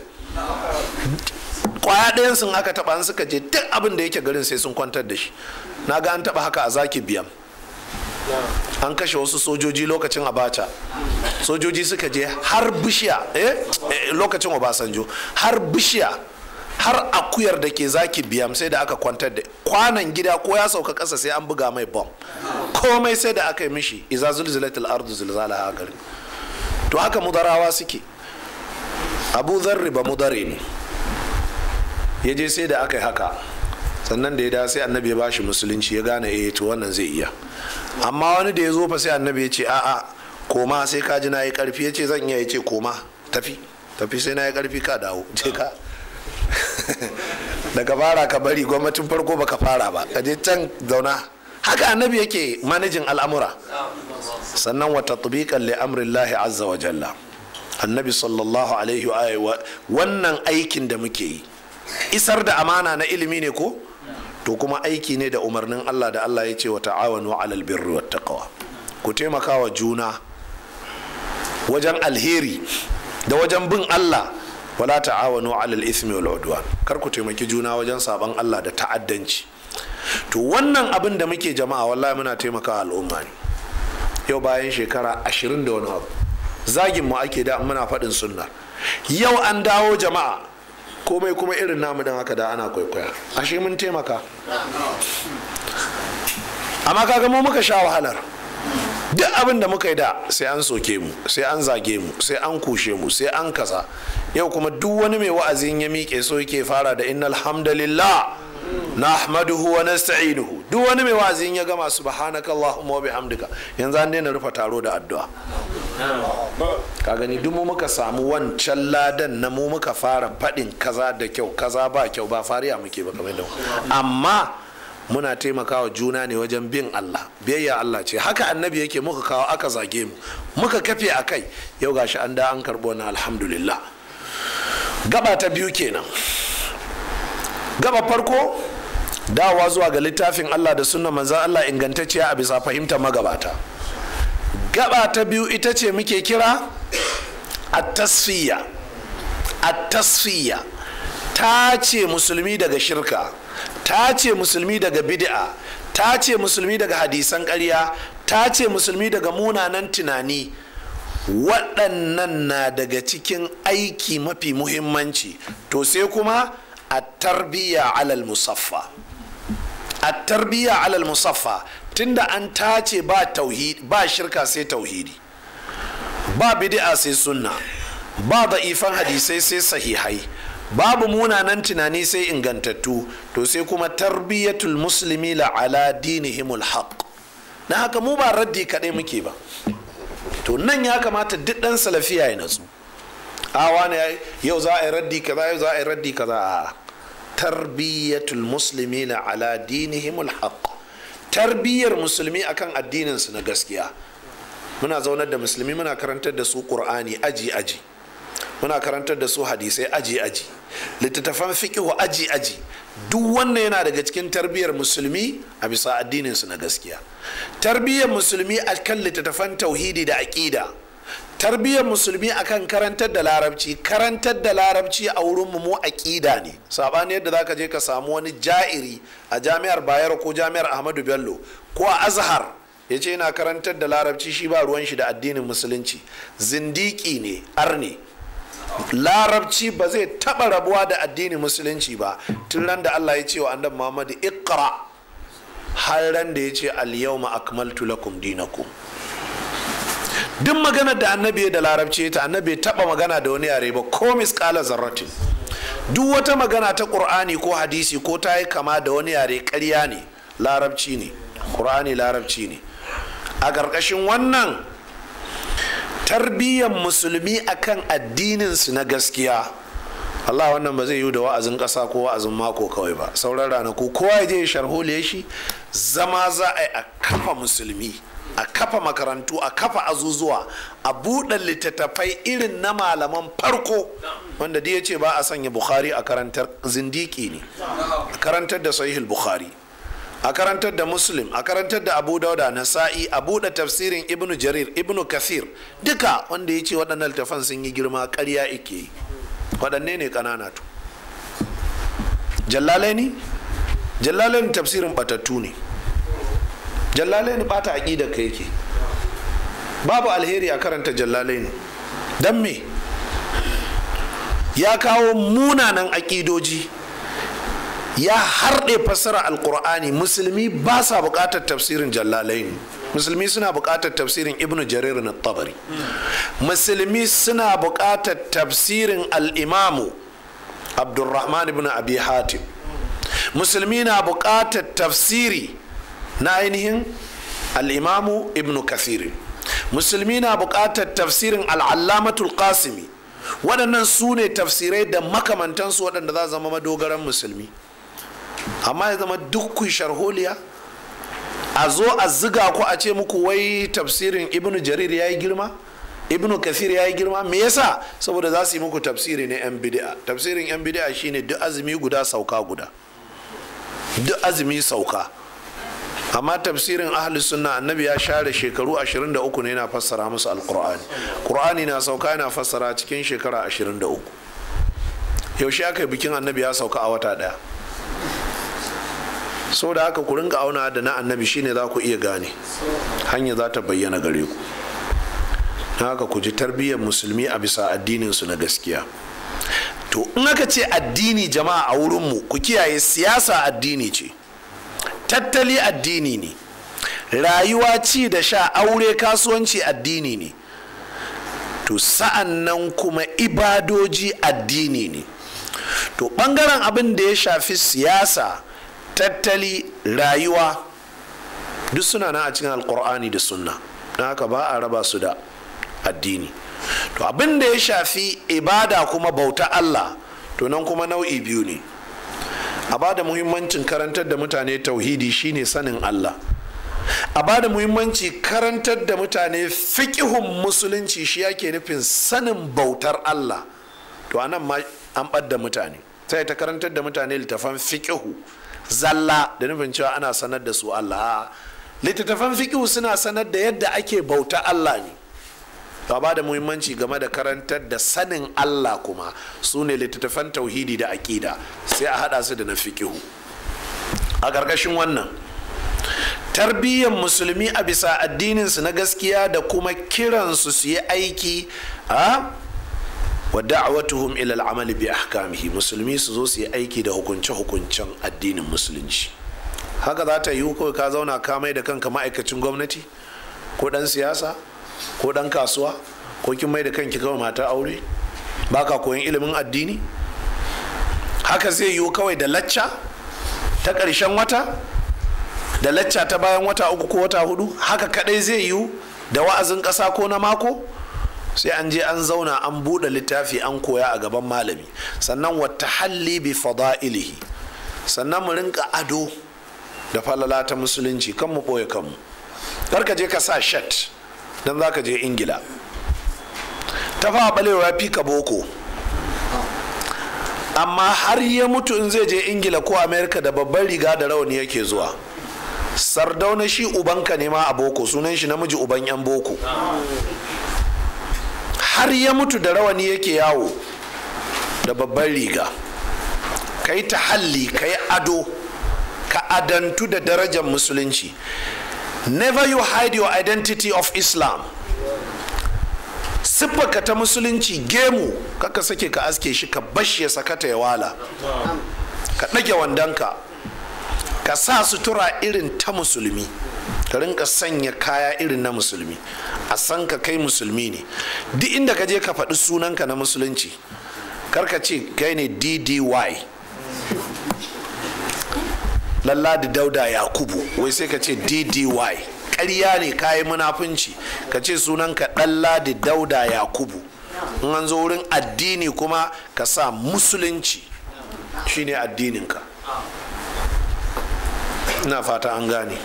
kwaya ɗayan sun aka taba an suka je duk abin da yake garin sai sun kwantar da shi na ga an taba haka a zaki biyan an kashe wasu sojoji lokacin abacha sojoji suka je har bishiya eh, eh lokacin obasanjo har bishiya har akuyar da ke zaki biyam sai da aka kwantar da kwanan gida ko ya sauka ƙasa sai an buga mai bom komai sai da aka yi mishi iza zulzulatul ardu zulzala a gari to haka mudarawa suke abu zarri ba mudare ne ya je sai da aka yi haka sannan da ya da sai annabi ya bashi musulunci ya gane eh to wannan zai iya amma wani da ya zo fa sai annabi ya ce a'a koma sai ka ji na yi karfi ya ce zan iya ya ce koma tafi tafi sai na yi karfi ka dawo je ka daga fara ka bari gwamnatin farko baka fara ba ka je can zauna haka annabi yake manajin al'amura sannan wata tubiƙan li amrillahi azza wa jalla annabi sallallahu alaihi wa wannan aikin da muke yi isar da amana na ilimi ne ko to kuma aiki ne da umarnin Allah da Allah ya ce wa ta'awanu alal birri wat taqwa ku taimaka wa juna wajen alheri da wajen bin Allah wala ta'awanu alal ismi wal udwan kar ku taimaki juna wajen saban Allah da ta'addanci to wannan abin da muke jama'a wallahi muna taimaka al'umma ne yau bayan shekara ashirin da wani abu zagin mu ake da muna faɗin sunna yau an dawo jama'a komai kuma irin namu dan haka da ana kwaikwaya ashe mun taimaka amma kaga mu muka sha wahalar duk abin da muka yi da sai an soke mu sai an zage mu sai an kushe mu sai an kasa yau kuma duk wani mai wa'azin ya miƙe so yake fara da innal hamdalillah ahmaduhu wa nasta'inuhu duk wani mai wa'azin ya gama allahumma wa bihamdika yanzu an daina rufe taro da addu'a ka gani duk mu muka samu wancan ladan na mu muka fara faɗin kaza da kyau kaza ba kyau ba fariya muke ba kamar da amma muna taimakawa juna ne wajen bin Allah biyayya Allah ce haka annabi yake muka kawo aka zage mu muka kafe a kai yau gashi an da an karbo na alhamdulillah gaba ta biyu kenan gaba farko dawa zuwa ga littafin Allah da sunna manzan Allah ingantacciya a bisa fahimta magabata gaba ta biyu ita ce muke kira a tasfiya a tasfiya ta ce musulmi daga shirka ta ce musulmi daga bid'a ta ce musulmi daga hadisan ƙarya ta ce musulmi daga munanan tunani waɗannan na daga cikin aiki mafi muhimmanci to sai kuma a tarbiyya alal musaffa a tarbiyya alal musaffa tunda an tace ba ba shirka sai tauhidi ba bid'a sai sunna ba da'ifan hadisai sai sahihai babu munanan tunani sai ingantattu to sai kuma tarbiyatul muslimi la ala dinihimul haq na haka mu ba raddi kaɗai muke ba to nan ya kamata duk ɗan salafiya ya natsu awa ne yau za a yi raddi kaza yau za a yi raddi kaza a tarbiyatul muslimi la ala dinihimul haq tarbiyyar musulmi akan addininsu na gaskiya muna zaunar da musulmi muna karantar da su qur'ani aji aji muna karantar da su hadisai aji aji littattafan fiƙihu aji aji duk wannan yana daga cikin tarbiyyar musulmi a bisa addinin su na gaskiya tarbiyyar musulmi a kan littattafan tauhidi da aƙida tarbiyyar musulmi akan karantar da larabci karantar da larabci a wurin mu mu aƙida ne sabani yadda za ka je ka samu wani ja'iri a jami'ar bayero ko jami'ar ahmadu bello ko a azhar ya ce yana karantar da larabci shi ba ruwan shi da addinin musulunci zindiki ne arne larabci ba zai taɓa rabuwa da addinin musulunci ba tun ran da allah ya ce wa annabi muhammadu ikra har ran da ya ce alyawma akmaltu lakum dinakum duk maganar da annabi da larabci ta annabi taba magana da wani yare ba ko miskala zarratin duk wata magana ta ƙur'ani ko hadisi ko ta yi kama da wani yare ƙarya ne larabci ne qur'ani larabci ne a ƙarƙashin wannan tarbiyyar musulmi akan addininsu na gaskiya Allah wannan ba zai yi da wa'azin ƙasa ko wa'azin mako kawai ba sauran ranaku kowa ya je ya sharhole shi zama za a yi a kafa musulmi a kafa makarantu a kafa azuzuwa a buɗe littattafai irin na malaman farko wanda da ya ce ba a sanya bukhari a karantar zindiki ne a karantar da sahihul bukhari a karantar da muslim a karantar da abu dauda na sa'i, a buɗe tafsirin ibnu jarir ibnu kathir duka wanda ya ce waɗannan littafan sun yi girma ƙarya ike yi waɗanne ne ƙanana to Jallalai ne Jallalai ne tafsirin batattu ne Jallalai ne bata aƙida ka yake babu alheri a karanta jallalai ne don me ya kawo munanan aƙidoji ya harɗe fassara alkur'ani musulmi ba sa buƙatar tafsirin jallalain musulmi suna buƙatar tafsirin ibnu jarir na tabari musulmi suna buƙatar tafsirin al'imamu abdulrahman ibn abi hatim musulmi na buƙatar tafsiri na ainihin al'imamu ibn kathiri musulmi na buƙatar tafsirin al'allamatul qasimi waɗannan su ne tafsirai da makamantansu waɗanda za zama madogaran musulmi amma ya zama duk ku sharholiya a zo a ziga ko a ce muku wai tafsirin ibnu jarir ya yi girma ibnu kasir ya yi girma me yasa saboda za su yi muku tafsiri ne yan bidi'a? tafsirin yan bidi'a shine duk azumi guda sauka guda duk azumi sauka amma tafsirin ahli sunna annabi ya share shekaru 23 ne yana fassara musu alqur'ani qur'ani na sauka yana fassara cikin shekara 23 yaushe aka yi bikin annabi ya sauka a wata daya so da haka ku rinka auna da na annabi shine za ku iya gane hanya za ta bayyana gare ku na haka ku ji tarbiyyar musulmi a bisa addinin su na gaskiya to in aka ce addini jama'a a wurinmu ku kiyaye siyasa addini ce tattali addini ne rayuwa ci da sha aure kasuwanci addini ne to sa'an nan kuma ibadoji addini ne to bangaren abin da ya shafi siyasa tattali rayuwa duk suna nan a cikin alkur'ani da sunna na haka ba a raba su da addini to abin da ya shafi ibada kuma bauta allah to nan kuma nau'i biyu ne a ba da muhimmancin karantar da mutane tauhidi shine sanin allah a ba da muhimmanci karantar da mutane fikihun musulunci shi yake nufin sanin bautar allah to anan ma an ɓadda mutane sai ta karantar da mutane littafan fikihu zalla da nufin cewa ana sanar da su Allah littattafan fiƙihu suna sanar da yadda ake bauta Allah ne to ba da muhimmanci game da karantar da sanin Allah kuma su ne littattafan tauhidi da aƙida sai a haɗa su da na fiƙihu a ƙarƙashin wannan tarbiyyar musulmi a bisa addininsu na gaskiya da kuma kiransu su yi aiki a wa da'watuhum ila amali bi ahkamihi musulmi su zo su yi aiki da hukunce hukuncen addinin musulunci haka za ta yiwu kawai ka zauna ka mai da kanka ma'aikacin gwamnati ko dan siyasa ko dan kasuwa ko kin mai da kanki kawai mata aure baka koyan ilimin addini haka zai yiwu kawai da lacca ta ƙarshen wata da lacca ta bayan wata uku ko wata hudu haka kadai zai yiwu da wa'azin ƙasa ko na mako sai an je an zauna an buɗe littafi an koya a gaban malami sannan wata halli bi ilihi sannan mu rinka ado da falala ta musulunci kan mu ɓoye kanmu kar ka je ka sa shat don za ka je ingila ta fa ɓalewa fi ka boko amma har ya mutu in zai je ingila ko amerika da babban riga da rawani yake zuwa sardauna shi ubanka ne ma a boko sunan shi namiji uban yan boko har ya mutu da rawani yake yawo da babban riga ka yi tahalli ka yi ado ka adantu da darajar musulunci never you hide your identity of islam siffaka ta musulunci gemu kaka sake ka aske shi ka bashi ya sakata ya wala ka ɗage wandonka ka sa sutura irin ta musulmi ka rinka sanya kaya irin na musulmi a san ka kai musulmi ne duk inda ka je ka faɗi sunanka na musulunci karka ce kai ne ddy lalladi dauda yakubu wai sai ka ce ddy ƙarya ne kayi munafunci ka ce sunanka lalladi dauda yakubu in an zo wurin addini kuma ka sa musulunci shine addininka ina fata an gane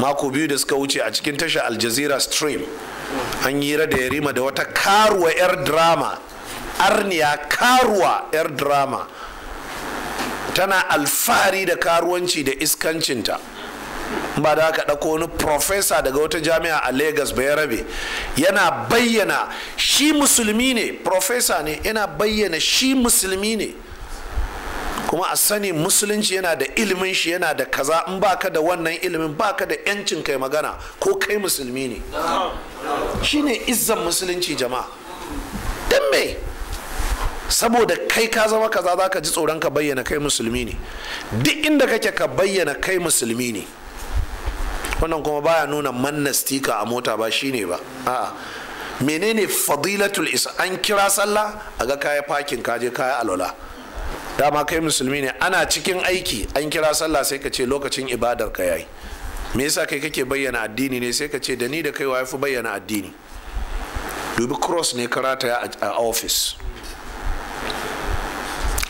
mako biyu da suka wuce a cikin tashar aljazira stream an yi da yarima da wata karuwa 'yar drama arniya karuwa 'yar drama tana alfahari da karuwanci da iskancinta ba da aka ɗako wani profesa daga wata jami'a a Legas lagos rabe yana bayyana shi musulmi ne profesa ne yana bayyana shi musulmi ne kuma a sani musulunci yana da ilimin shi yana da kaza in baka da wannan ilimin baka da yancin kai magana ko kai musulmi ne shine izzan musulunci jama'a me saboda kai ka zama kaza za ka ji tsoron ka bayyana kai musulmi ne duk inda kake ka bayyana kai musulmi ne wannan kuma baya nuna manna stika a mota ba shine ba a'a menene fadilatul isa an kira sallah a ga kaya fakin kaje kaya alwala dama kai musulmi ne ana cikin aiki an kira sallah sai ka ce lokacin ibadar ka yayi me yasa kai kake bayyana addini ne sai ka ce da ni da kai wa fi bayyana addini dubi cross ne karata a office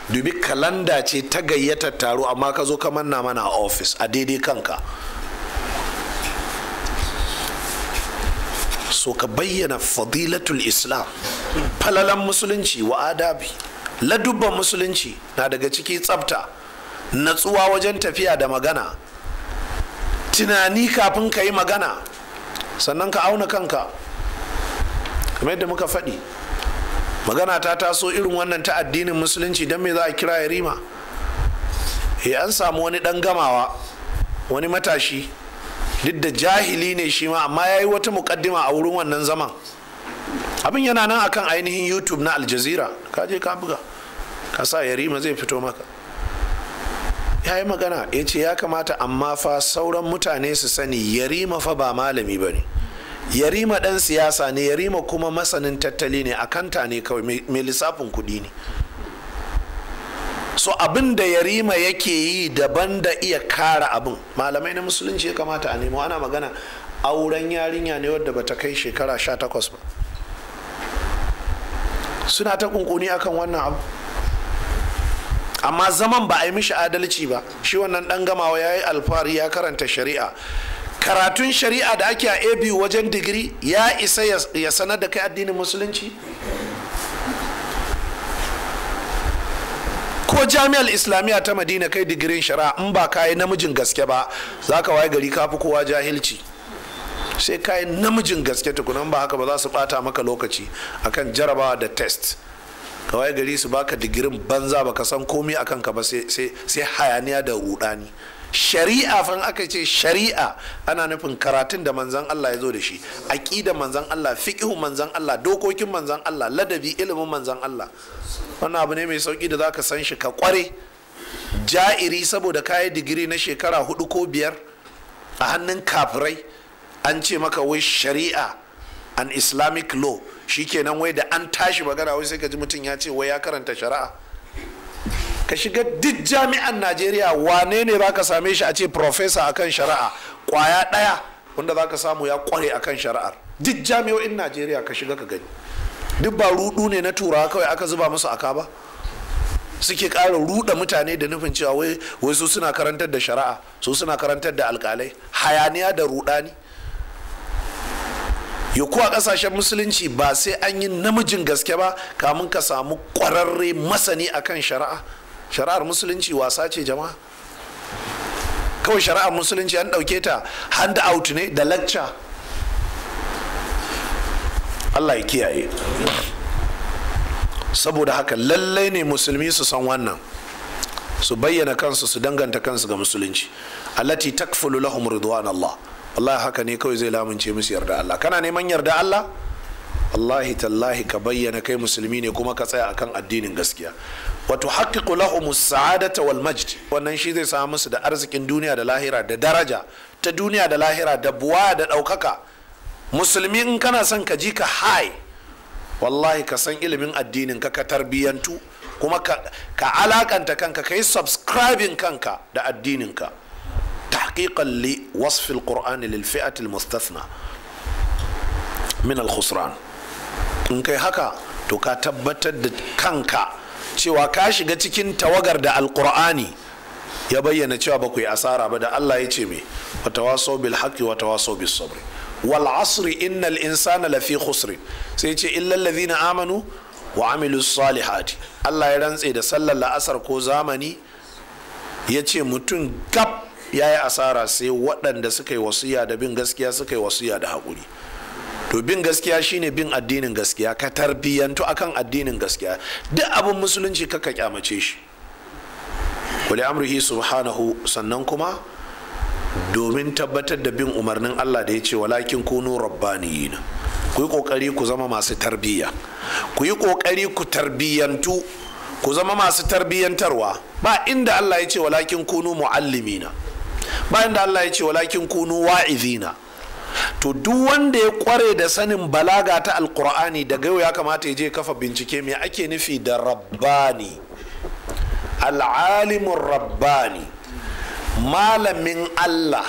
dubi kalanda ce ta gayyatar taro amma ka zo ka manna mana a ofis a daidai kanka so ka bayyana fadilatul islam falalan musulunci wa adabi ladubban musulunci na daga ciki tsafta natsuwa wajen tafiya da magana tunani kafin ka yi magana sannan ka auna kanka kamar yadda muka faɗi magana ta taso irin wannan ta addinin musulunci don me za a kira ya rima e eh, an samu wani ɗan gamawa wani matashi duk da jahili ne shi ma amma ya yi wata mukaddima a wurin wannan zaman abin yana nan akan ainihin youtube na aljazeera kaje ka buga ka sa yarima zai fito maka ya yi magana ya ce ya kamata amma fa sauran mutane su sani yarima fa ba malami ba ne yarima ɗan siyasa ne yarima kuma masanin tattali ne a kanta ne kawai mai lissafin kuɗi ne so abin da yarima yake yi daban da iya kara abin malamai na musulunci ya kamata a nemo ana magana auren yarinya ne wadda bata kai shekara 18 ba suna ta kunkuni akan wannan abu amma zaman ba a yi mishi adalci ba shi wannan dan gamawa ya yi alfahari ya karanta shari'a karatun shari'a da ake a abu wajen digiri ya isa ya sanar da kai addinin musulunci ko jami'ar islamiyya ta madina kai digirin shari'a in ba yi namijin gaske ba za ka waye gari kafi kowa jahilci sai yi namijin gaske tukunan ba haka ba za su bata maka lokaci akan jarabawa da test ka waye gari su baka digirin banza baka san komai a kanka ba sai hayaniya da rudani shari'a fan aka ce shari'a ana nufin karatun da manzan Allah ya zo da shi aqida manzan Allah fiqhu manzan Allah dokokin manzan Allah ladabi ilimin manzan Allah wannan abu ne mai sauki da za ka san shi ka kware ja'iri saboda kayi digiri na shekara hudu ko biyar a hannun kafirai an ce maka wai shari'a an islamic law shikenan wai da an tashi magana wai sai ka ji mutum ya ce wai ya karanta shari'a ka shiga duk jami'an najeriya wane ne za ka same shi a ce profesa akan shari'a kwaya ɗaya wanda za ka samu ya kware akan shari'ar duk jami'o'in najeriya ka shiga ka gani duk ba rudu ne na turawa kawai aka zuba musu aka ba suke ƙara ruda mutane da nufin cewa wai su suna karantar da shari'a su suna karantar da alƙalai hayaniya da rudani yau kuwa kasashen musulunci ba sai an yi namijin gaske ba kamun ka samu kwararre masani akan shari'a shari'ar musulunci wasa ce jama'a kawai shari'ar musulunci an ɗauke ta hand out ne da lacca allah ya kiyaye saboda haka lallai ne musulmi su san wannan su bayyana kansu su danganta kansu ga musulunci allati takfulu lahum ridwan allah Allah haka ne kawai zai lamunce musu yarda Allah kana neman yarda Allah Allahi tallahi ka bayyana kai musulmi ne kuma ka tsaya akan addinin gaskiya wato haqqiqu lahum sa'adata wal majd wannan shi zai samu musu da arzikin duniya da lahira da daraja ta duniya da lahira da buwa da ɗaukaka musulmi in kana son ka ji ka hai wallahi ka san ilimin addinin ka ka tarbiyyantu kuma ka, alakanta kanka ka yi subscribing kanka da addinin ka تحقيقا لوصف القرآن للفئة المستثنى من الخسران in kai haka to ka tabbatar da kanka cewa ka shiga cikin tawagar da alkur'ani ya bayyana cewa ba ku yi asara ba da Allah ya ce me wa tawaso bil haqqi wa tawaso bis sabr wal asri innal insana lafi khusr sai ce ce illal na amanu wa amilu salihati Allah ya rantse da sallar la'asar ko zamani ya ce mutum gab ya yi asara sai waɗanda suka yi wasiya da bin gaskiya suka yi wasiya da haƙuri to bin gaskiya shine bin addinin gaskiya ka tarbiyyantu akan addinin gaskiya duk abin musulunci kaka kyamace shi wali amrihi subhanahu sannan kuma domin tabbatar da bin umarnin Allah da ya ce walakin kunu na. ku yi kokari ku zama masu tarbiyya ku yi kokari ku tarbiyyantu ku zama masu tarbiyyantarwa ba inda Allah ya ce walakin kunu na. bayan da Allah ya ce walakin kunu wa'izina to duk wanda ya kware da sanin balaga ta alkur'ani daga yau ya kamata ya je kafa bincike me ake nufi da rabbani al'alimin rabbani malamin Allah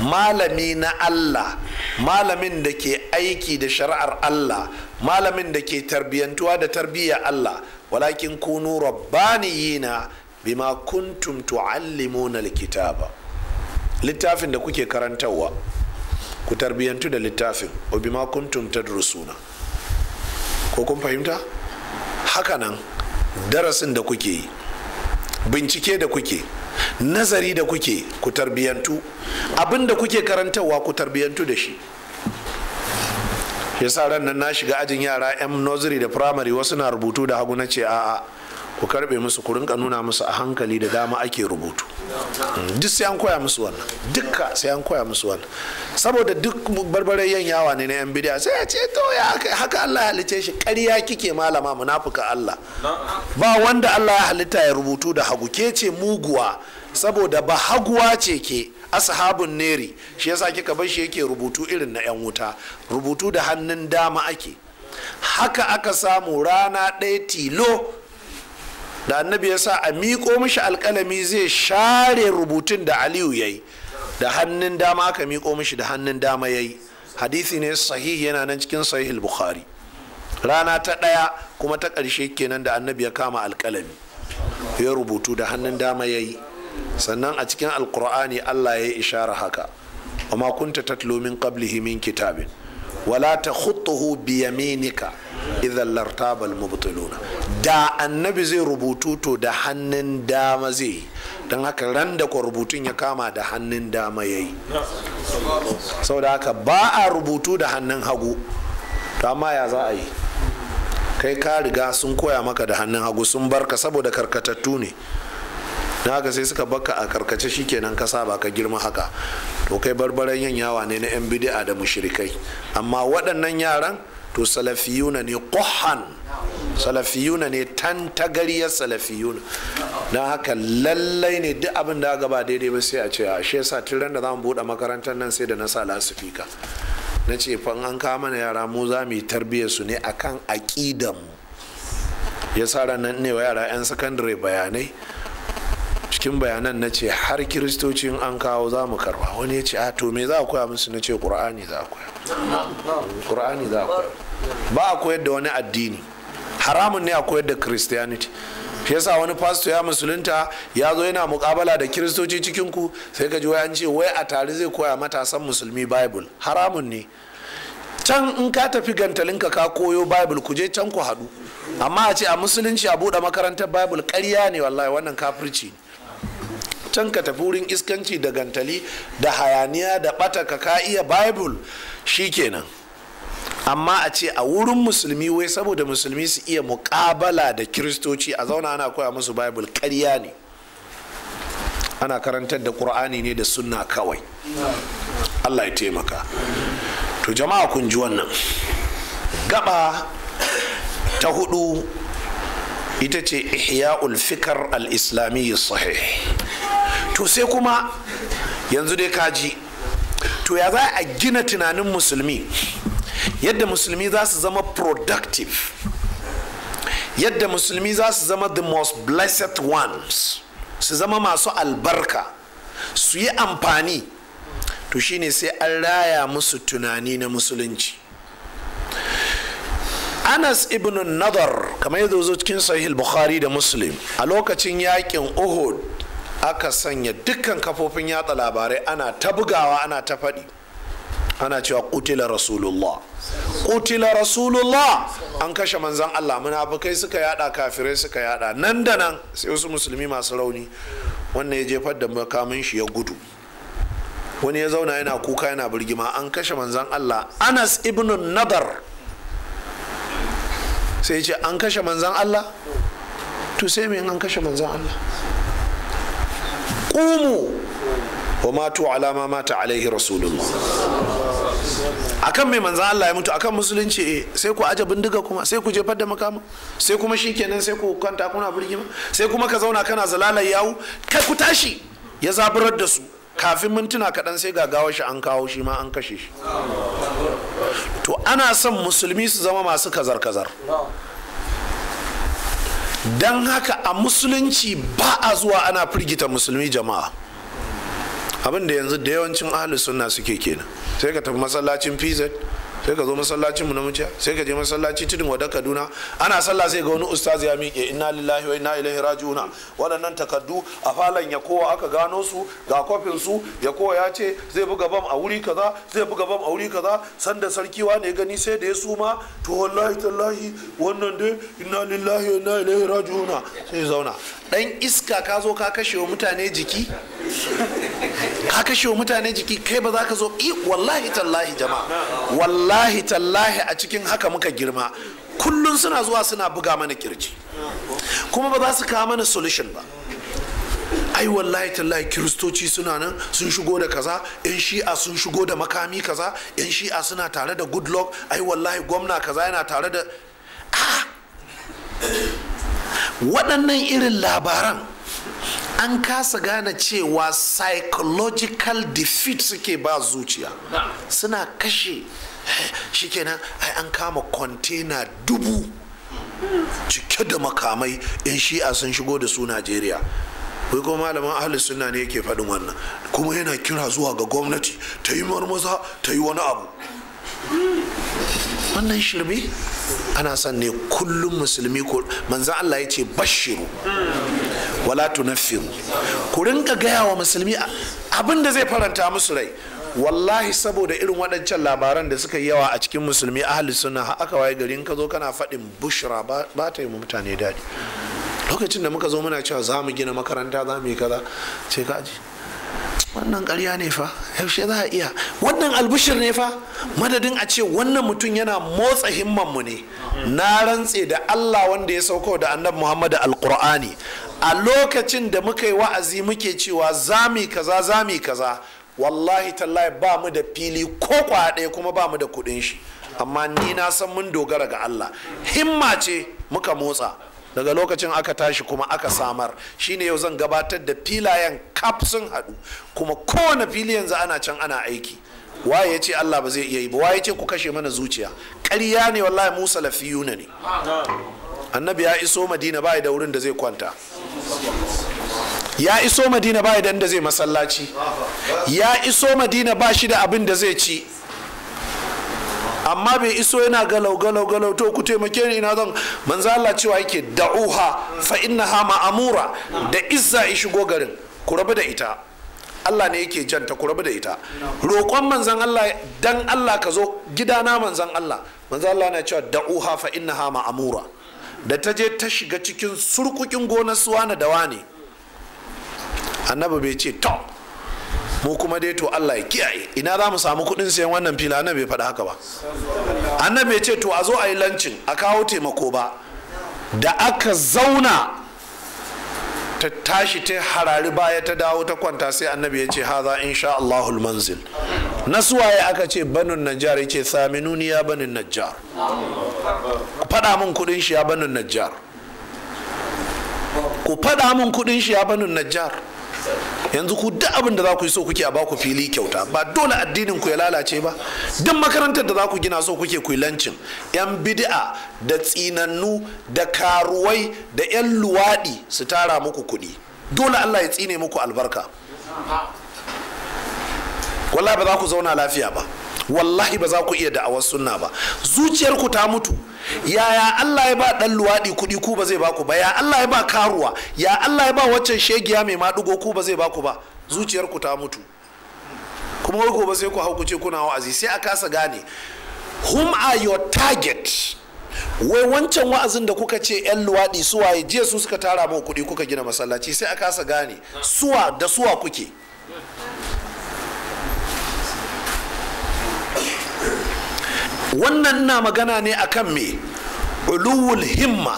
malami na Allah malamin da ke aiki da shari'ar Allah malamin da ke tarbiyantuwa da tarbiyyar Allah walakin kunu rabbaniyina bima kuntum tu'allimuna alkitaba littafin da kuke karantarwa ku tarbiyyantu da littafin obima kuntum tadrusuna ko kun fahimta hakanan darasin da kuke yi bincike da kuke nazari da kuke ku tarbiyyantu, abin da kuke karantarwa ku tarbiyyantu da shi Ya sa ran nan na shiga ajin yara 'yan nursery da primary wasu na rubutu da hagu na ce a'a ku karbe musu ku rinka nuna musu a hankali da dama ake rubutu mm, duk sai an koya musu wannan dukka sai an koya musu wannan saboda duk yan yawa ne na yan bidiya sai a ce to ya haka Allah ya halice shi ƙarya kike malama munafuka Allah ba wanda Allah ya halitta ya rubutu da hagu ke ce muguwa saboda ba haguwa ce ke ashabun neri shi yasa kika bar shi yake rubutu irin na yan wuta rubutu da hannun dama ake haka aka samu rana ɗaya tilo da annabi ya sa a miƙo mishi alƙalami zai share rubutun da aliyu ya yi da hannun dama aka miƙo mishi da hannun dama ya yi hadithi ne sahihi yana nan cikin sahih bukhari rana ta ɗaya kuma ta ƙarshe kenan da annabi ya kama alƙalami ya rubutu da hannun dama ya yi sannan a cikin alƙur'ani allah ya yi ishara haka amma kunta tatlo min qablihi min kitabin wala ta khutuhu biya yaminika idan lartabal mubtiluna da annabi zai rubutu to da hannun dama zai don haka ran da rubutun ya kama da hannun dama ya yi da haka ba a rubutu da hannun hagu to amma ya za a yi kai ka riga sun koya maka da hannun hagu sun barka saboda karkatattu ne na haka sai suka baka a karkace shikenan ka saba ka girma haka to kai barbaran yan yawa ne na yan bid'a da mushrikai amma waɗannan yaran to salafiyuna ne kohan. salafiyuna ne tantagariyar salafiyuna don haka lallai ne duk abin da aka ba daidai ba sai a ce a shi yasa tiran da za mu buɗe makarantar nan sai da na sa lasifika na ce fa an kama mana yara mu za mu yi tarbiyyar su ne akan aƙidan mu ya sa ranar ne wa yara 'yan sakandare bayanai cikin bayanan na ce har kiristocin an kawo za mu karba wani ya ce a to me za a koya musu na ce ƙur'ani za a koya ƙur'ani za a koya ba a koyar da wani addini haramun ne a koyar da christianity shi yasa wani pastor ya musulunta ya zo yana mukabala da kiristoci cikin ku sai ka ji wai an ce wai a tare zai koya matasan musulmi bible haramun ne can in ka tafi gantalinka ka koyo bible ku je can ku haɗu amma a ce a musulunci a buɗe makarantar bible ƙarya ne wallahi wannan kafirci can ka tafi wurin iskanci da gantali da hayaniya da bata ka ka iya bible shikenan amma a ce a wurin musulmi wai saboda musulmi su iya mukabala da kiristoci a zauna ana koya musu bible karya ne ana karantar da ƙur'ani ne da sunna kawai allah ya taimaka to jama'a kun ji wannan gaba ta hudu ita ce ihya'ul fikar al-islamiyyi sahih to sai kuma yanzu dai kaji to ya za a gina tunanin musulmi yadda musulmi za su zama productive yadda musulmi za su zama the most blessed ones su zama masu albarka su yi amfani to shine sai an raya musu tunani na musulunci anas ibn nadar kamar yadda zo cikin sahih bukhari da muslim a lokacin yakin uhud aka sanya dukkan kafofin yatsa labarai ana ta bugawa ana ta faɗi ana cewa kutila rasulullah kutila rasulullah an kashe manzan allah munafukai suka yada kafirai suka yada nan da nan sai wasu musulmi masu rauni wannan ya jefar da makamin shi ya gudu wani ya zauna yana kuka yana birgima an kashe manzan allah anas ibn nadar sai ce an kashe manzan allah to sai me an kashe manzan allah qumu wa matu ala ma mata alaihi rasulullah akan mai manzan Allah ya mutu akan musulunci eh, sai ku aje bindiga kuma sai ku jefar da makama sai kuma shikenan sai ku kwanta kuna birgima sai kuma ka zauna kana zalalar yawo kai ku tashi ya zaburar da su kafin mintuna kaɗan sai ga gawar shi an kawo shi ma an kashe shi to ana son musulmi su zama masu kazar-kazar don haka a musulunci ba a zuwa ana firgita musulmi jama'a abin da yanzu da yawancin ahli sunna suke kenan sai ka tafi masallacin pz sai ka zo masallacin mu na mutiya sai ka je masallaci tudun wada kaduna ana sallah sai ga wani ustaz ya miƙe inna lillahi wa inna ilaihi raji'una waɗannan takaddu a falon ya kowa aka gano su ga kofin su ya kowa ya ce zai buga bam a wuri kaza zai buga bam a wuri kaza sanda sarki wa ne gani sai da ya suma to wallahi tallahi wannan dai inna lillahi wa inna ilaihi raji'una sai zauna dan iska ka zo ka kashe wa mutane jiki ka kashe wa mutane jiki kai ba za ka zo i wallahi tallahi jama'a wallahi tallahi a cikin haka muka girma kullum suna zuwa suna buga mana kirji kuma ba za su kawo mana solution ba ai wallahi tallahi kiristoci suna nan sun shigo da kaza yan shi'a sun shigo da makami kaza yan shi'a suna tare da good luck ai wallahi gwamna kaza yana tare da waɗannan irin labaran an kasa gane cewa psychological defeat suke ba zuciya suna kashe shikenan ai an kama container dubu cike da makamai in shi'a sun shigo da su najeriya kai kuma malaman ahli suna ne yake faɗin wannan kuma yana kira zuwa ga gwamnati ta yi marmaza ta yi wani abu wannan shirme ana son ne kullum musulmi ko manzan allah ya ce bashiru wala tunaffiru ku rinka gaya wa musulmi abin da zai faranta musu rai wallahi saboda irin waɗancan labaran da suka yi yawa a cikin musulmi ahli sunna aka waye garin ka zo kana faɗin bushra ba ta yi mutane daɗi lokacin da muka zo muna cewa za mu gina makaranta za mu yi kaza ce ji wannan karya ne fa yaushe za a iya wannan albushir ne fa madadin a ce wannan mutum yana motsa himmanmu ne na rantse da allah wanda ya sauko da annabi muhammadu alƙur'ani a lokacin da muka yi wa'azi muke cewa zami kaza zami kaza wallahi tallahi ba mu da fili ko kwaɗe kuma ba mu da kuɗin shi amma ni na san mun dogara ga Allah himma ce muka motsa daga lokacin aka tashi kuma aka samar shine yau zan gabatar da filayen kaf sun haɗu kuma kowane fili yanzu ana can ana aiki waye ya ce Allah ba zai iya yi ba waye ce ku kashe mana zuciya ƙarya ne wallahi mu salafiyuna ne annabi ya iso madina ba da wurin da zai kwanta ya iso madina ba da inda zai masallaci ya iso madina ba shi da abin da zai ci amma bai iso yana galau galau galau to ku taimake ni ina zan manzo Allah cewa yake da'uha fa innaha ma'amura da izza ya shigo garin ku rabu da ita Allah ne yake janta ku rabu da ita roƙon manzon Allah dan Allah ka zo gidana manzon Allah manzo Allah na cewa da'uha fa innaha ma'amura da ta je ta shiga cikin surkukin gonar suwana da wane annabi bai ce to mu kuma dai to Allah ya kiyaye ina za mu samu kuɗin sayan wannan fila annabi bai faɗa haka ba annabi ya ce to a zo a yi lancin a kawo taimako ba da aka zauna ta tashi ta harari baya ta dawo ta kwanta sai annabi ya ce haza insha Allahul manzil nasuwaye aka ce banin najjar ya ce saminuni ya banin najjar faɗa min kudin shi ya banin najjar ku faɗa min kudin shi ya banin najjar yanzu ku duk abin da za ku yi so kuke a baku fili kyauta ba dole addinin ku ya lalace ba duk makarantar da za ku gina so kuke ku lancin yan bid'a da tsinannu da karuwai da yan luwaɗi su tara muku kuɗi dole Allah ya tsine muku albarka wallahi ba za ku zauna lafiya ba wallahi ba za ku iya da'awar sunna ba zuciyarku ta mutu yaya Allah ya ba dan luwaɗi kuɗi ku ba zai baku ba ya Allah ya ba karuwa ya Allah ya ba waccan shegiya mai maɗigo ku ba zai baku ba zuciyarku ta mutu kuma wai gobe sai ku hau ku ce kuna wa'azi sai a kasa gane whom are your target wai wancan wa'azin da kuka ce 'yan luwaɗi suwaye jiya su suka tara mu kuɗi kuka gina masallaci sai a kasa gane suwa da suwa kuke wannan na magana ne akan me uluwul himma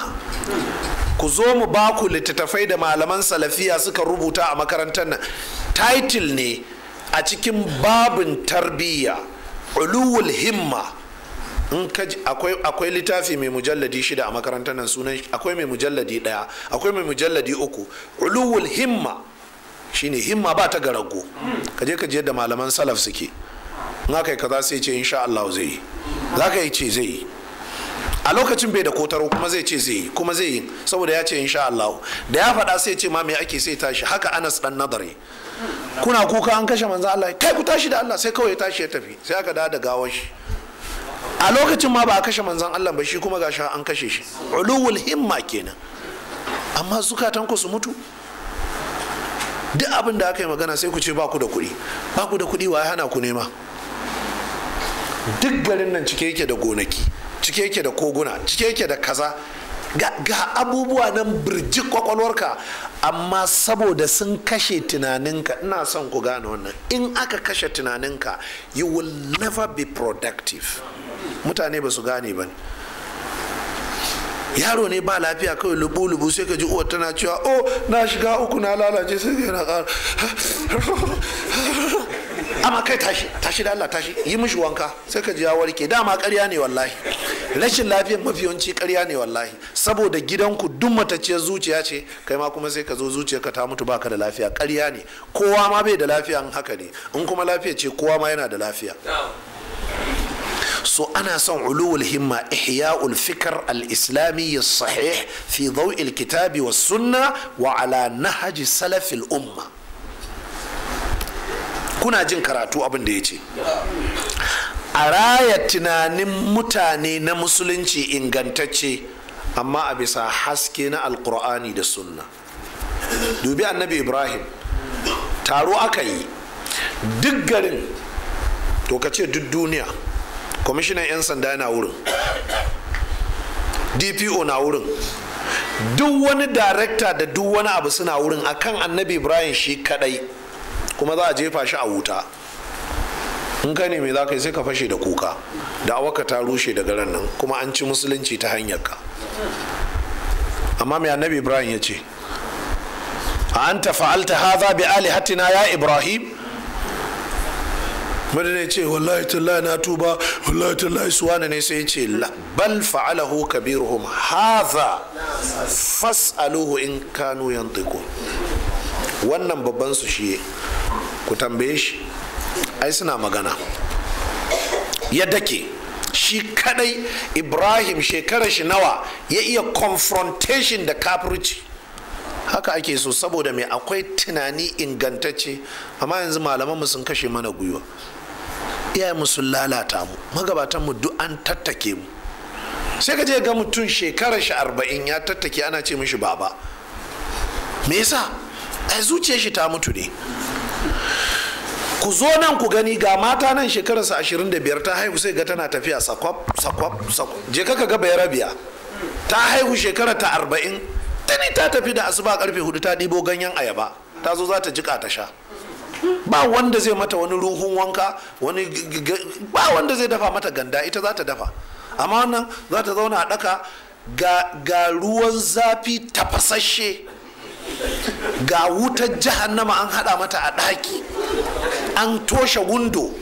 ku zo mu ba ku littattafai da malaman salafiya suka rubuta a makarantar nan title ne a cikin babin tarbiyya uluwul himma in akwai littafi mai mujalladi shida a makarantar nan sunan akwai mai mujalladi daya akwai mai mujalladi uku uluwul himma shine himma ba ta garago kaje kaje da malaman salaf suke in haka kaza sai ce insha Allah zai yi za ka yi ce zai yi a lokacin bai da kotaro kuma zai ce zai yi kuma zai yi saboda ya ce insha Allah da ya faɗa sai ce ma me ake sai tashi haka Anas dan nadari kuna kuka an kashe manzo Allah kai ku tashi da Allah sai kawai ya tashi ya tafi sai aka dawo da gawar shi a lokacin ma ba a kashe manzan Allah ba shi kuma gashi an kashe shi uluwul himma kenan amma zukatan ku su mutu duk abin da aka yi magana sai ku ce ba ku da kuɗi ba ku da kuɗi wa hana ku nema duk garin nan cike yake da gonaki cike yake da koguna cike yake da kaza ga, abubuwa nan birji kwakwalwarka amma saboda sun kashe tunaninka ina son ku gane wannan in aka kashe tunaninka you will never be productive mutane ba su gane ba yaro ne ba lafiya kawai lubu-lubu sai ka ji uwar tana cewa oh na shiga uku na lalace sai ka amma kai tashi tashi da Allah tashi yi mishi wanka sai ka ji ya warke dama ƙarya ne wallahi rashin lafiyar mafiyanci ƙarya ne wallahi saboda gidanku duk matacciyar zuciya ce kai ma kuma sai ka zo zuciyarka ta mutu baka da lafiya ƙarya ne kowa ma bai da lafiya in haka ne in kuma lafiya ce kowa ma yana da lafiya so ana son uluwul himma ihya'ul fikr al-islami sahih fi daw'il kitabi was sunna wa ala nahaji salafil umma kuna jin karatu abin da ya ce a raya tunanin mutane na musulunci ingantacce amma a bisa haske na alkur'ani da sunna dubi annabi ibrahim taro aka yi duk garin to ka ce duk duniya kwamishinan 'yan sanda na wurin dpo na wurin duk wani darekta da duk wani abu suna wurin akan annabi ibrahim shi kadai kuma za a jefa shi a wuta in ka ne me za ka yi sai ka fashe da kuka da awaka ta rushe daga ran nan kuma an ci musulunci ta hanyar ka amma mai annabi ibrahim ya ce a an ta haza bi alihatina ya ibrahim madana ce wallahi tallahi na tuba wallahi tallahi suwana ne sai ce bal fa'alahu kabiruhum haza fas'aluhu in kanu yan wannan babban su shi ku tambaye shi ai suna magana ya dake shi kadai ibrahim shekarar shi nawa ya iya confrontation da kafirci haka ake so saboda mai akwai tunani ingantacce amma yanzu malamanmu sun kashe mana gwiwa iyayenmu sun lalata mu magabatan mu duk an tattake mu sai ka je ga mutum shekarar shi arba'in ya tattake ana ce mishi baba me yasa a zuciyar shi ta mutu ne ku zo nan ku gani ga mata nan shekararsa 25 ta haihu sai ga tana tafiya sakwab sakwab je ka ga bayarabiya ta haihu shekara ta 40 tani ta tafi da asuba karfe hudu ta ɗibo ganyen ayaba ta zo za ta jika ta sha ba wanda zai mata wani ruhun wanka wani ba wanda zai dafa mata ganda ita za ta dafa amma wannan za ta zauna a ɗaka ga ruwan zafi tafasasshe. ga wutar nama an hada mata a ɗaki an toshe gundo.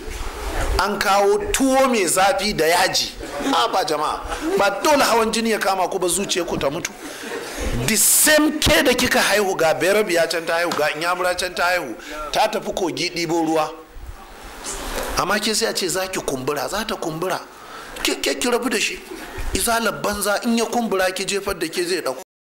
an kawo tuwo mai zafi da yaji a ba jama'a ba dole hawan jini ya kama ku ba zuciya ku ta mutu the same ke da kika haihu ga berab ya can ta haihu ga inyamura can ta haihu ta tafi kogi ɗibo ruwa amma ke sai a ce za ki kumbura za ta kumbura ke ki rabu da shi izalar banza in ya kumbura ki jefar da ke zai ɗauko